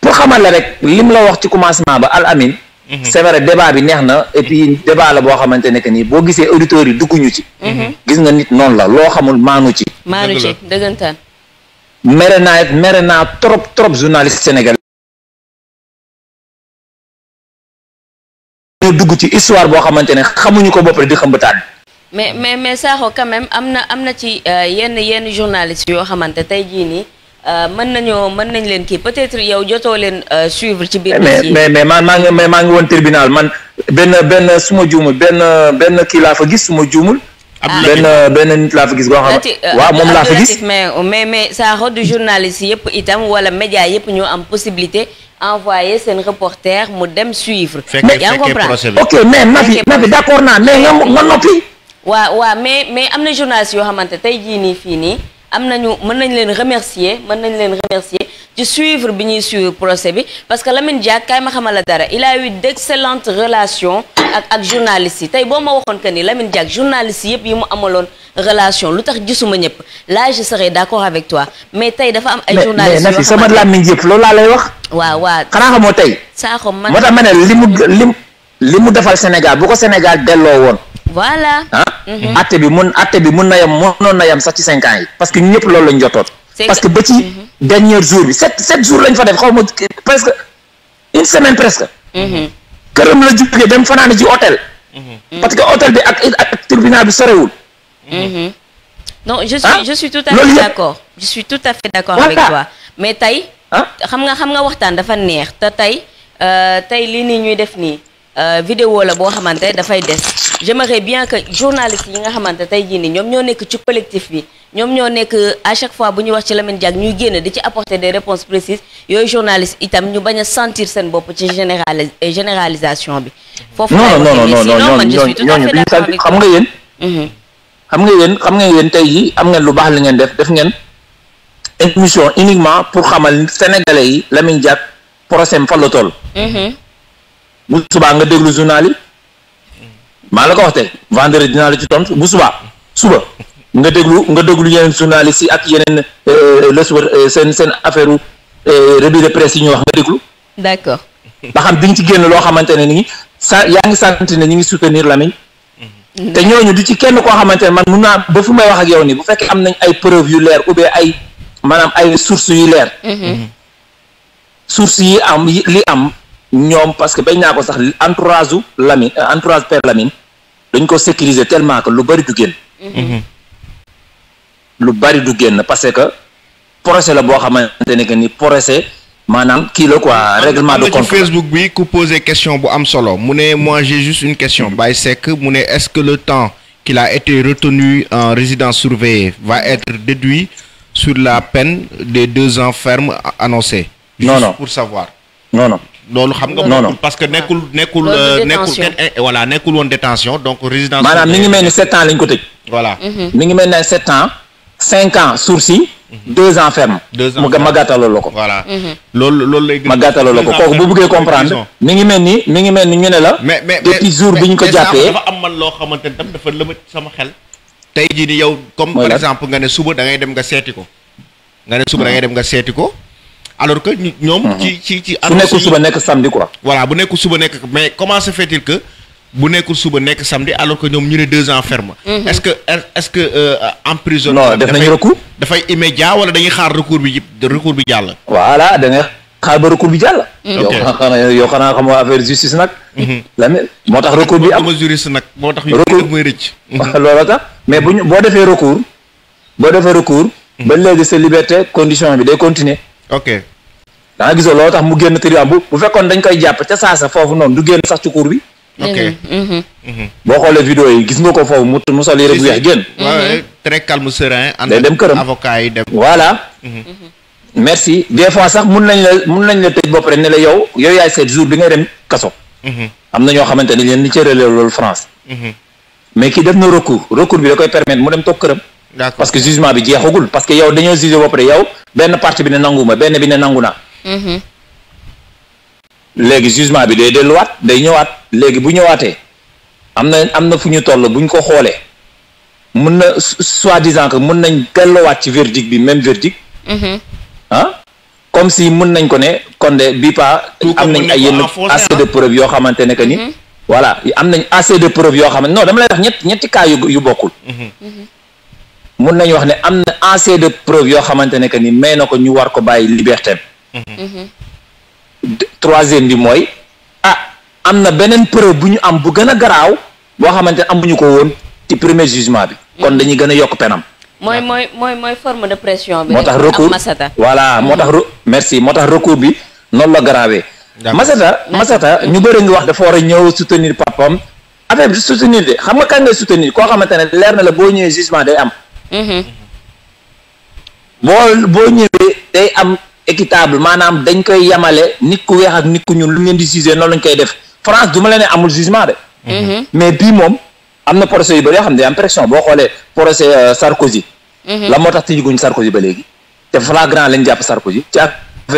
pour xamal la rek lim la wax ci commencement ba al amin. Mhm. c'est vrai bi neex na et puis la boo xamante ne que nii boo gisee auditeurs yi dugguñu ci mhm. gis nga nit noonu la loo xamul maanu ci maanu ci dëggantaan mere naa mere naa trop trop journaliste sénégalais ñu dugg ci histoire boo xamante ne xamuñu ko boppale di xëmbataat mais mais mais Sakho quand am na am na ci euh, yenn yenn journaliste yoo xamante tey jii nii Euh, mën nañu mën nañ leen kii peut-être yow joto leen euh, suivre ci biir mais mais mais maa ngi mais maa ngi woon tribunal man benn benn suma ma juumul benn benn kii laa fa gis suma juumul ah. benn benn nit laa fa gis boo xam ne euh, waaw moom laa fa gis mais mais mais saaxo du journaliste yëpp itam wala média yëpp ñu am possibilité envoyé seen reporter mu dem suivre yaa ngi comprendre ok mais Nafi Nafi d'accord naa mais waa mais mais am na journaliste yoo xamante tey jii nii fii nii am nañu mën nañ leen remercier mën nañ leen remercier ci suivre bi ñuy suivre procès bi parce que Lamine Diack kaay ma xamal dara il a eu d'excellentes relations ak ak journalistes yi tey boo ma waxoon que ni Lamine Diack journalistes yëpp yi mu amaloon relation lu tax gisuma ñëpp là je serais d'accord avec toi mais tey dafa am ay journalistes yoo xam ne sama Lamine yëpp loolu laa lay wax. waaw waaw xanaa xamoo tey. saa xam man li mu defal Sénégal bu ko Sénégal delloo woon. voilà. ah. Mhm. atte bi mun atte bi mun na yem mënoon na yem sax ci cinq ans yi parce que ñëpp loolu lañ jotoon. parce que ba ci mhm. dernier jour bi sept sept jours lañ fa def xaw ma presque une semaine presque. Mhm. këram la jógee dem fanaane ci hôtel. parce que hôtel bi ak ak bi sorewul. non je suis ah. je suis tout à fait d'accord je suis tout à fait xam nga xam nga waxtaan dafa neex te tey euh, tey lii nii ñuy def nii. Euh, vidéo la boo xamante fait des j'aimerais bien que journaliste yi nga xamanté tay ji ni que ñoo nek ci collectif bi ñom ñoo à chaque fois bu ñu wax ci Lamine diak ñuy apporter des réponses précises yoy journalistes itam ñu baña sentir sen bop ci général euh, généralisation bi. non non non non non non non xam uniquement pour xamal sénégalais yi Lamine procès bu subaa nga déglu journal yi maa la ko wax tey vendredi dinaa la ci tontu bu subaa suba nga déglu nga déglu yeneen journaliste si ak yeneen euh, le suba euh, seen seen affaire u euh, revue de presse yi ñuy wax nga déglu. d'accord ba xam di nga ci génn loo xamante ne ni sa yaa ngi sant ne ñu ngi soutenir Lamine. Mm-hmm. te ñooñu di ci kenn koo xamante ne man mun naa ba fu may wax ak yow nii bu fekkee am nañ ay preuve yu leer ou ay maanaam ay sources yu leer. Mm-hmm. sources yi am li am. ñom parce que bañ na ko sax entourage Lamine euh, entourage père Lamine dañ ko sécuriser tellement que le baril du gain. lu bari du guen mhm. parce que procès la bo xamante ne que ni procès manam ki la quoi règlement de compte Facebook bi ku poser question bu am solo mu moi j'ai juste une question bay est-ce que le temps qu'il a été retenu en résidence surveillée va être déduit sur la peine des deux ans ferme annoncée non non pour savoir non non loolu xam nga. non parce que nekul nekul nekkul voilà nekul won détention donc résidence. maanaam mi ngi melni 7 sept ans lañ ko tej voilà mi ngi melni 7 ans. 5 ans sursis. 2 ans ferme. deux ans ferme ko. voilà loolu loolu lay. ma magata la ko kooku bu bëggé comprendre. mi ngi melni ni mi ngi melni ñu né la. mais mais depuis jour bi ñu ko jàppee. dafa am man loo xamante tam dafa lëmët sama xel. tay ji ni yow. comme par exemple nga né suba da ngay dem nga seeti ko. nga né suba da ngay dem nga seeti ko. alors que ñoom. Mhm. ci ci ci annonce bu nekkul suba nekk samedi quoi. voilà bu nekkul suba nekk mais comment se fait-il que bu nekkul suba nekk samedi alors que ñoom ñu ne deux ans ferme. Mhm. est-ce que est-ce que euh, emprisonnement. non def nañu recours dafay immédiat wala dañuy xaar recours bi recours bi jàll. voilà da ngay xaar ba recours bi jàll. ok yoo xanaa yoo xanaa xam nga affaire justice nag. Mhm. la moo tax recours bi am ma juriste nag moo tax. recours muy rëcc. [LAUGHS] looloo tax mais bu ñu boo defee recours. boo defee recours. ba léegi sa liberté condition bi day continuer. ok. da nga gisoo loolu tax mu génn trio bu bu fekkoon dañ koy jàpp ca saasa foofu noonu du génn sax ci cour bi. ok mm-hmm. Mm-hmm. boo xoolee vidéo yi gis nga ko foofu mu mu sol yére bu weex génn. Mm-hmm. très calme serein. day dem këram avocat yi dem. voilà. merci des fois sax mun nañ la mun nañ la tëj ba pare ne la yow yow yaay seet jour bi ngay dem kaso. am na ñoo xamante leen ni cëralee loolu France. mais kii def na recours recours bi da koy permettre mu dem toog këram. parce que jugement bi jeexagul parce que yow dañoo jugé ba pare yow benn parti bi ne nanguma benn bi ne nangu mhm. léegi jugement bi day delluwaat day ñëwaat léegi bu ñëwaatee am na am na fu ñu toll bu ko xoolee mën na soi-disant que mun nañ delluwaat ci verdict bi même verdict. Mhm. ah comme si mën nañ ko ne kon de bi pa am nañ ay yenn assez de preuve yoo xamante ne que ni. Mhm. voilà am nañ assez preuve yoo xamante non dama lay wax ñett ñetti cas yu yu bokkul. mun nañu wax ne am na assez de preuves yoo xamante ne que ni may na ko ñu war ko bàyyi liberté mm-hmm. troisième bi mooy a ah, am na beneen preuve bu ñu am bu gën a garaaw boo xamante ne amuñu ko woon ci premier jugement bi mm-hmm. kon dañuy gën a yokk penam mooy mooy mooy mooy forme de pression bi moo tax recours voilà moo tax merci moo tax recours bi noonu la garaawee Massata Massata ñu bëri ngi wax dafa war a ñëw soutenir papam affaire soutenir de xam nga kan ngay soutenir koo xamante ne leer na la boo ñëwee day am Mm-hmm. boo boo ñëwee day am équitable maanaam dañ koy yamale nit ku weex ak nit ku ñun lu leen di jugé noonu lañ koy def France du ma ne amul jugement de. Mm-hmm. mais bii moom am na procès yu bëri yoo xam ne am pression boo xoolee procès euh, Sarkozy. Mm-hmm. la moo tax tijjiguñ Sarkozy ba léegi te flagrant lañ jàpp Sarkozy ci ak ki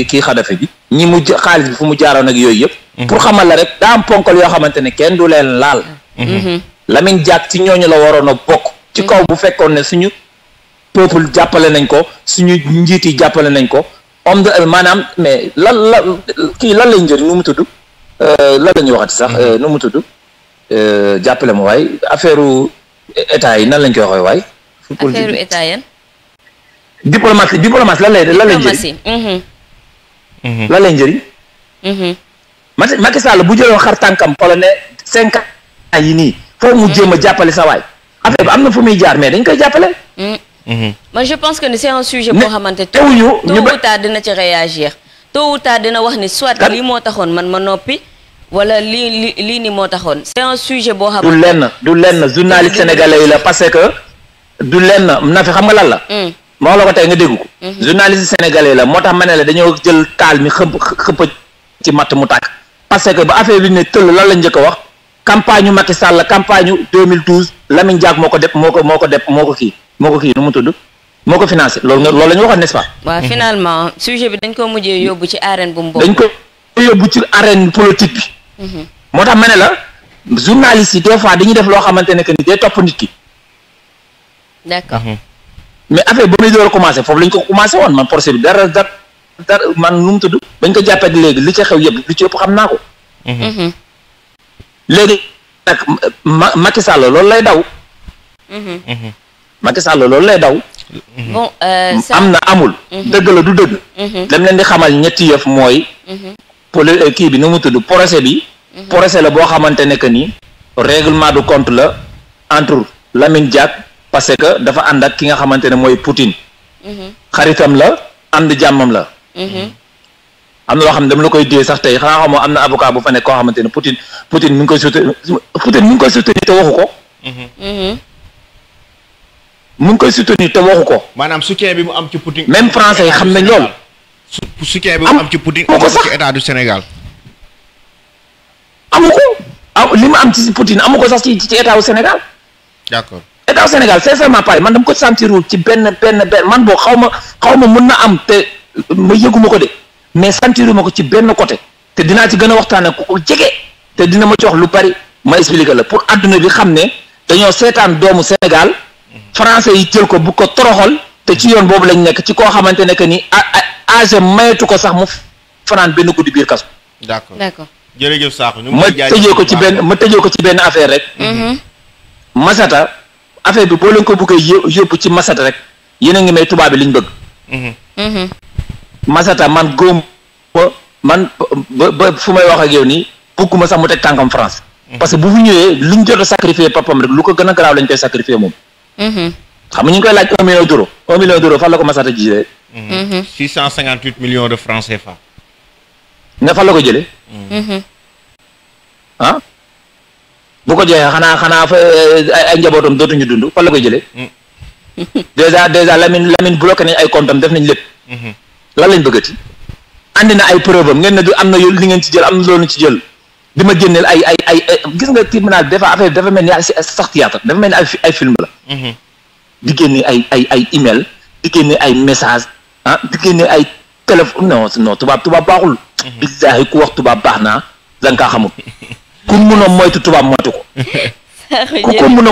euh, kii xadafe bi ñi mu xaalis bi fu mu jaaroon ak yooyu yëpp. pour xamal la rek daa am ponkal yoo xamante ne kenn du leen laal. Lamine Diack ci ñooñu la waroon a bokk. ci kaw bu fekkoon ne suñu peuple jàppale nañ ko suñu njiit yi jàppale nañ ko homme maanaam mais lan la kii lan lay njëriñ nu mu tudd euh, lan la ñuy waxati sax mm-hmm. euh, nu mu tudd euh, jàppale mu waay affaire état yi nan lañ koy waxee waay. affaire état yan. diplomatie diplomatie lan lay lan lay njëriñ. Mm-hmm. Mm-hmm. lan lay njëriñ. bu jëloon xar tànkam xoolal ne cinq ans yi nii. foog mu jéem a jàppale sa waay. affaire bi am na fu muy jaar mais dañ koy jàppale. man mm. mm-hmm. je pense que ni c'est un sujet boo xamante tôt ou tard dina ci réagir tôt ou tard dina wax ni soit lii moo taxoon man ma noppi wala lii li lii ni moo taxoon c'est un sujet boo xamante du lenn du lenn journaliste sénégalais yi la parce que du lenn na fi xam nga lan la moo mm. la ko tey nga dégg ko mm-hmm. journaliste sénégalais la moo tax ma ne la dañoo jël taal mi xëpp xëpp ci matt mu tàkk parce que ba affaire bi ne tëll lan la njëkk a wax campagne yu Macky Sall campagne yu 2012 Lamine Diack moo ko def moo ko moo ko def moo ko kii moo ko kii nu mu tudd moo ko financé loolu nga loolu la ñu waxoon n'est-ce pas. waaw mhm. finalement dañ ko mujjee yóbbu ci arène bu mu bokk. dañ ko yóbbu ci arène politique mhm. la journaliste yi des mhm. woon man procès bi dara dara dara man nu mu tudd. bañ ko jàppee léegi li ci xew yëpp li ci yëpp xam naa ko. léegi nag Macky Sall loolu lay daw. Mm-hmm. Mm-hmm. Macky Sall loolu lay daw. Mm-hmm. bon euh, am na amul. dëgg la du dëgg. lam leen di xamal ñetti yëf mooy. poli euh, kii bi nu mu tudd procès bi. procès la boo xamante ne que ni règlement de compte la entre Lamine Diack parce que dafa ànd ak ki nga xamante ne mooy Poutine. xaritam la ànd jàmmam la. am na loo xam ne dama la koy dee sax tey xanaa xamoo am na avocat bu fa nekk koo xamante ne Poutine Poutine mi ngi koy soutenir Poutine mi te waxu ko. mu mhm. mhm. ngi koy soutenir te waxu ko. maanaam soutien bi mu am ci Poutine. même français xam nañ loolu. su soutien bi mu am ci Poutine. ko sax ci état du Sénégal. amu ko li mu am ci Poutine amu ko sax ci ci état wu Sénégal. d'accord état wu Sénégal pare man dama ko sentirul ci benn benn benn man boo xaw ma xaw ma mën na am te ma yëguma ko de. mais sentiruma ko ci benn côté te dinaa ci gën a waxtaane ku ko jege te dina ma jox lu bari ma expliqué la pour àdduna bi xam ne dañoo seetaan doomu Sénégal français yi jël ko bu ko toroxal te ci yoon boobu lañ nekk ci koo xamante ne que ni âge maytu ko sax mu fanaan benn guddi biir kaso. d'accord d'accord jërëjëf Sakho ñu ma tëjee ko ci benn ma tëjee ko ci benn affaire rek. Mhm. Mhm. Masata affaire bi boo leen ko bëggee yóbbu ci Masata rek yéen a ngi may tubaab bi liñ bëgg. Mhm. Masata man góom man ba ba fu may wax ak yow nii bëgguma sax mu teg tànkam France. Mhm. parce que bu fi ñëwee lu ñu jot a sacrifié papam rek lu ko gën a garaaw lañ koy sacrifié moom. Mhm. xam nga ñu ngi koy laaj un million d'euro un la ko Masata jëlee. Mhm. six cent cinquante huit millions de francs CFA. nga fan la ko jëlee. Ah? bu ko joxee xanaa xanaa fa ay njabootam dootuñu dund fan la koy jëlee. Mm. déjà déjà Lamine Lamine bloqué nañ ay comptam def nañ lépp. lan lañ bëggati àndi na ay preuve ngeen ne du am na li ngeen ci jël am na loolu ci jël di ma génneel ay ay gis nga tribunal dafa affaire dafa mel ni sax théâtre dafa mel ni ay ay film la mhm. di génne ay ay ay email di génne ay message ah di génne ay téléphone non non tubaab tubaab baaxul mhm. billaahi ku wax tubaab baax naa da ka kaa xamul [LAUGHS] ku mun moytu tubaab moytu ko [LAUGHS] ku ko mun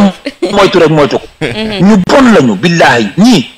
moytu rek moytu ko mhm. ñu bon lañu billaahi ñii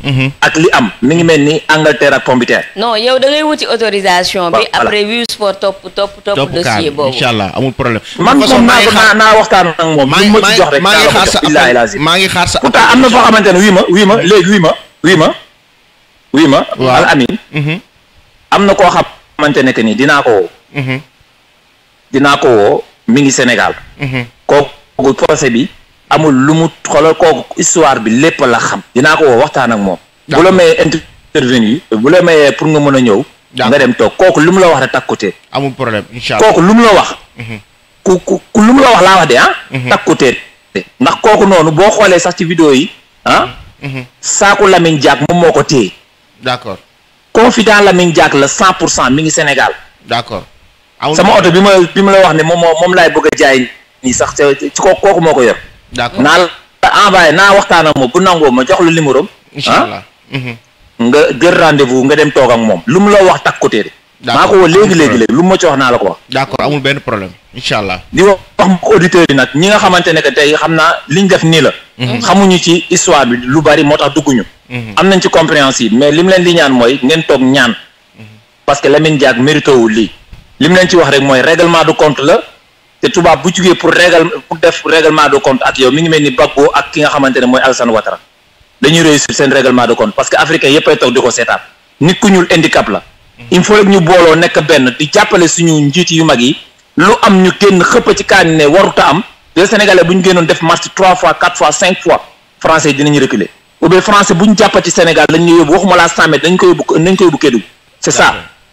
Mm-hmm. ak li am mu ngi mel ni Angleterre ak Pompiteer. non yow da ngay wuti autorisation bi après Wii Sport topp topp topp dossier boobu incha allah amul problème. man moom naa naa waxtaan ak moom. maa ngi jox rek maa ngi xaar sa maa ngi xaar sa pourtant am na xamante ne wii ma wii ma léegi wii ma ma wii ma. waaw mm-hmm. am na koo xamante ne que ni dinaa ko woo. Mm-hmm. dinaa ko woo mi ngi Sénégal. kooku procès bi. amul lu mu xoolal kooku histoire bi lépp la xam dinaa ko woo waxtaan ak moom bu la mayee intervenir bu la mayee pour nga mën a ñëw nga dem toog kooku lu mu la wax rek takkutee amul problème incha allah kooku lu mu la wax mhm. ku lu mu wax laa wax de ah mhm. takkutee ndax kooku noonu boo xoolee sax ci vidéo yi ah mhm. saaku Lamine Diack moom moo ko téye d'accord confident Lamine Diack la cent pour cent mi ngi Sénégal d'accord sama oto bi ma bi ma la wax ne moom moom laay bëgg a jaay nii sax ci kooku moo ko yor d'accord naa la envoyé naa waxtaan ak moom bu nangoo ma jox la numéro am. incha allah ah. mhm. nga jël rendez-vous nga dem toog ak moom lu mu la wax takkute ko woo léegi léegi léegi lu mu ma ci wax naa la ko wax. d'accord amul benn problème incha allah. di wax auditeurs yi nag ñi nga xamante ne que tey xam naa liñ def nii la. Mhm. xamuñu ci histoire bi lu bari moo tax dugguñu. Mhm. am nañ ci compréhensive mais li lim leen di ñaan mooy ngeen toog ñaan. parce que Lamine Diack mérito wu lii. lim leen ci wax rek mooy règlement de compte la. te tubaab bu jugee pour régal pour def règlement de compte ak yow mi ngi mel ni Gbagbo ak ki nga xamante ne mooy Alassane Ouattara dañuy réussir seen règlement de compte parce que africain yëpp ay toog di ko seetaan nit ku ñuul handicap la. Mm-hmm. il faut que ñu booloo nekk benn di jàppale suñu njiit yu mag yi lu am ñu génn xëpp ci kaan ne waruta am les sénégalais bu ñu génnoon def marche trois fois quatre fois cinq fois français dinañu reculer ou bien français bu ñu jàppati Sénégal dañ ñu yóbbu waxuma laa dañ ko ko yóbbu Kédougou c'est ça.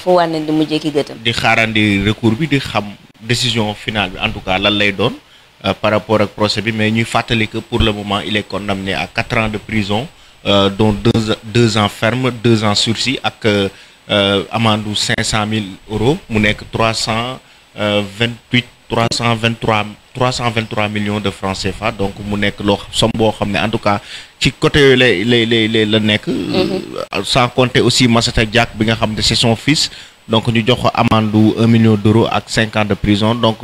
faut de mujjé ki gëtam di recours bi di xam décision finale en tout cas lan lay doon euh, par rapport au procès bi mais ñuy fatali que pour le moment il est condamné à 4 ans de prison euh, dont 2 ans ferme 2 ans sursis ak euh, euh amende 500 000 euros mu nek 328 trois cent vingt trois trois cent vingt trois millions de francs CFA donc mu nekk loo somme boo xam ne en tout cas ci côté yooyu lay lay lay la nekk. Mm-hmm. sans compter aussi Massata Diack bi nga xam ne c'est son fils donc ñu jox ko amende un million d'euros ak cinq ans de prison donc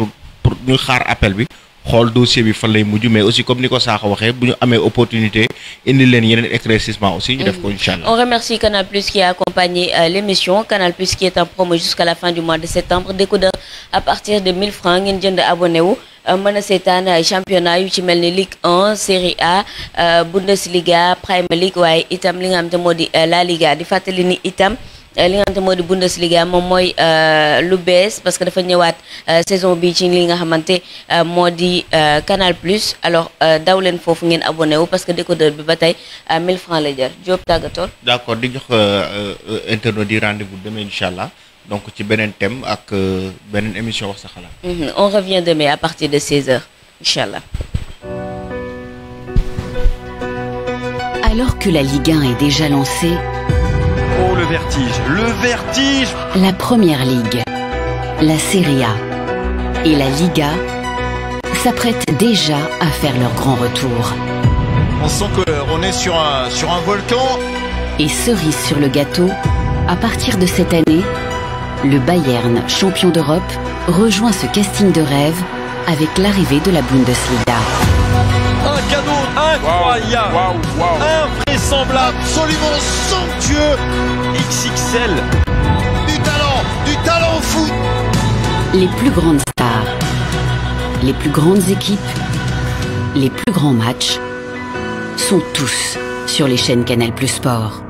pour ñu xaar appel bi. xool dossier bi fan lay mujj mais aussi comme ni ko Sakho waxee bu ñu opportunité indi len yenen éclaircissement aussi ñu def ko inshallah on remercie Canal Plus qui a accompagné euh, l'émission Canal Plus qui est en promo jusqu'à la fin du mois de septembre décodeur à partir de 1000 francs ngeen jënd abonné wu. Euh, mën a seetaan euh, championnat yu ci mel ni Ligue 1 Série A Bundesliga Premier League waaye itam li nga xam te moo di La Liga di fàttali ni itam li nga xamante moo di Bundesliga moom mooy euh, lu bees parce que dafa ñëwaat euh, saison bi ci li nga xamante euh, moo di Canal Plus alors daw leen foofu ngeen abonné wu parce que décodeur bi ba tey 1000 francs la jar Diop tàggatool d'accord di jox internet di rendez-vous demain incha allah donc ci beneen thème ak beneen émission wax sa xalaat mm-hmm. on revient demain à partir de 16h incha Alors que la Ligue 1 est déjà lancée, vertige, le vertige La Première Ligue, la Serie A et la Liga s'apprêtent déjà à faire leur grand retour. On sent qu'on est sur un, sur un volcan. Et cerise sur le gâteau, à partir de cette année, le Bayern, champion d'Europe, rejoint ce casting de rêve avec l'arrivée de la Bundesliga. Un cadeau incroyable wow, Absolument somptueux XXL. Du talent, du talent fou. Les plus grandes stars, les plus grandes équipes, les plus grands matchs sont tous sur les chaînes Canal Plus Sport.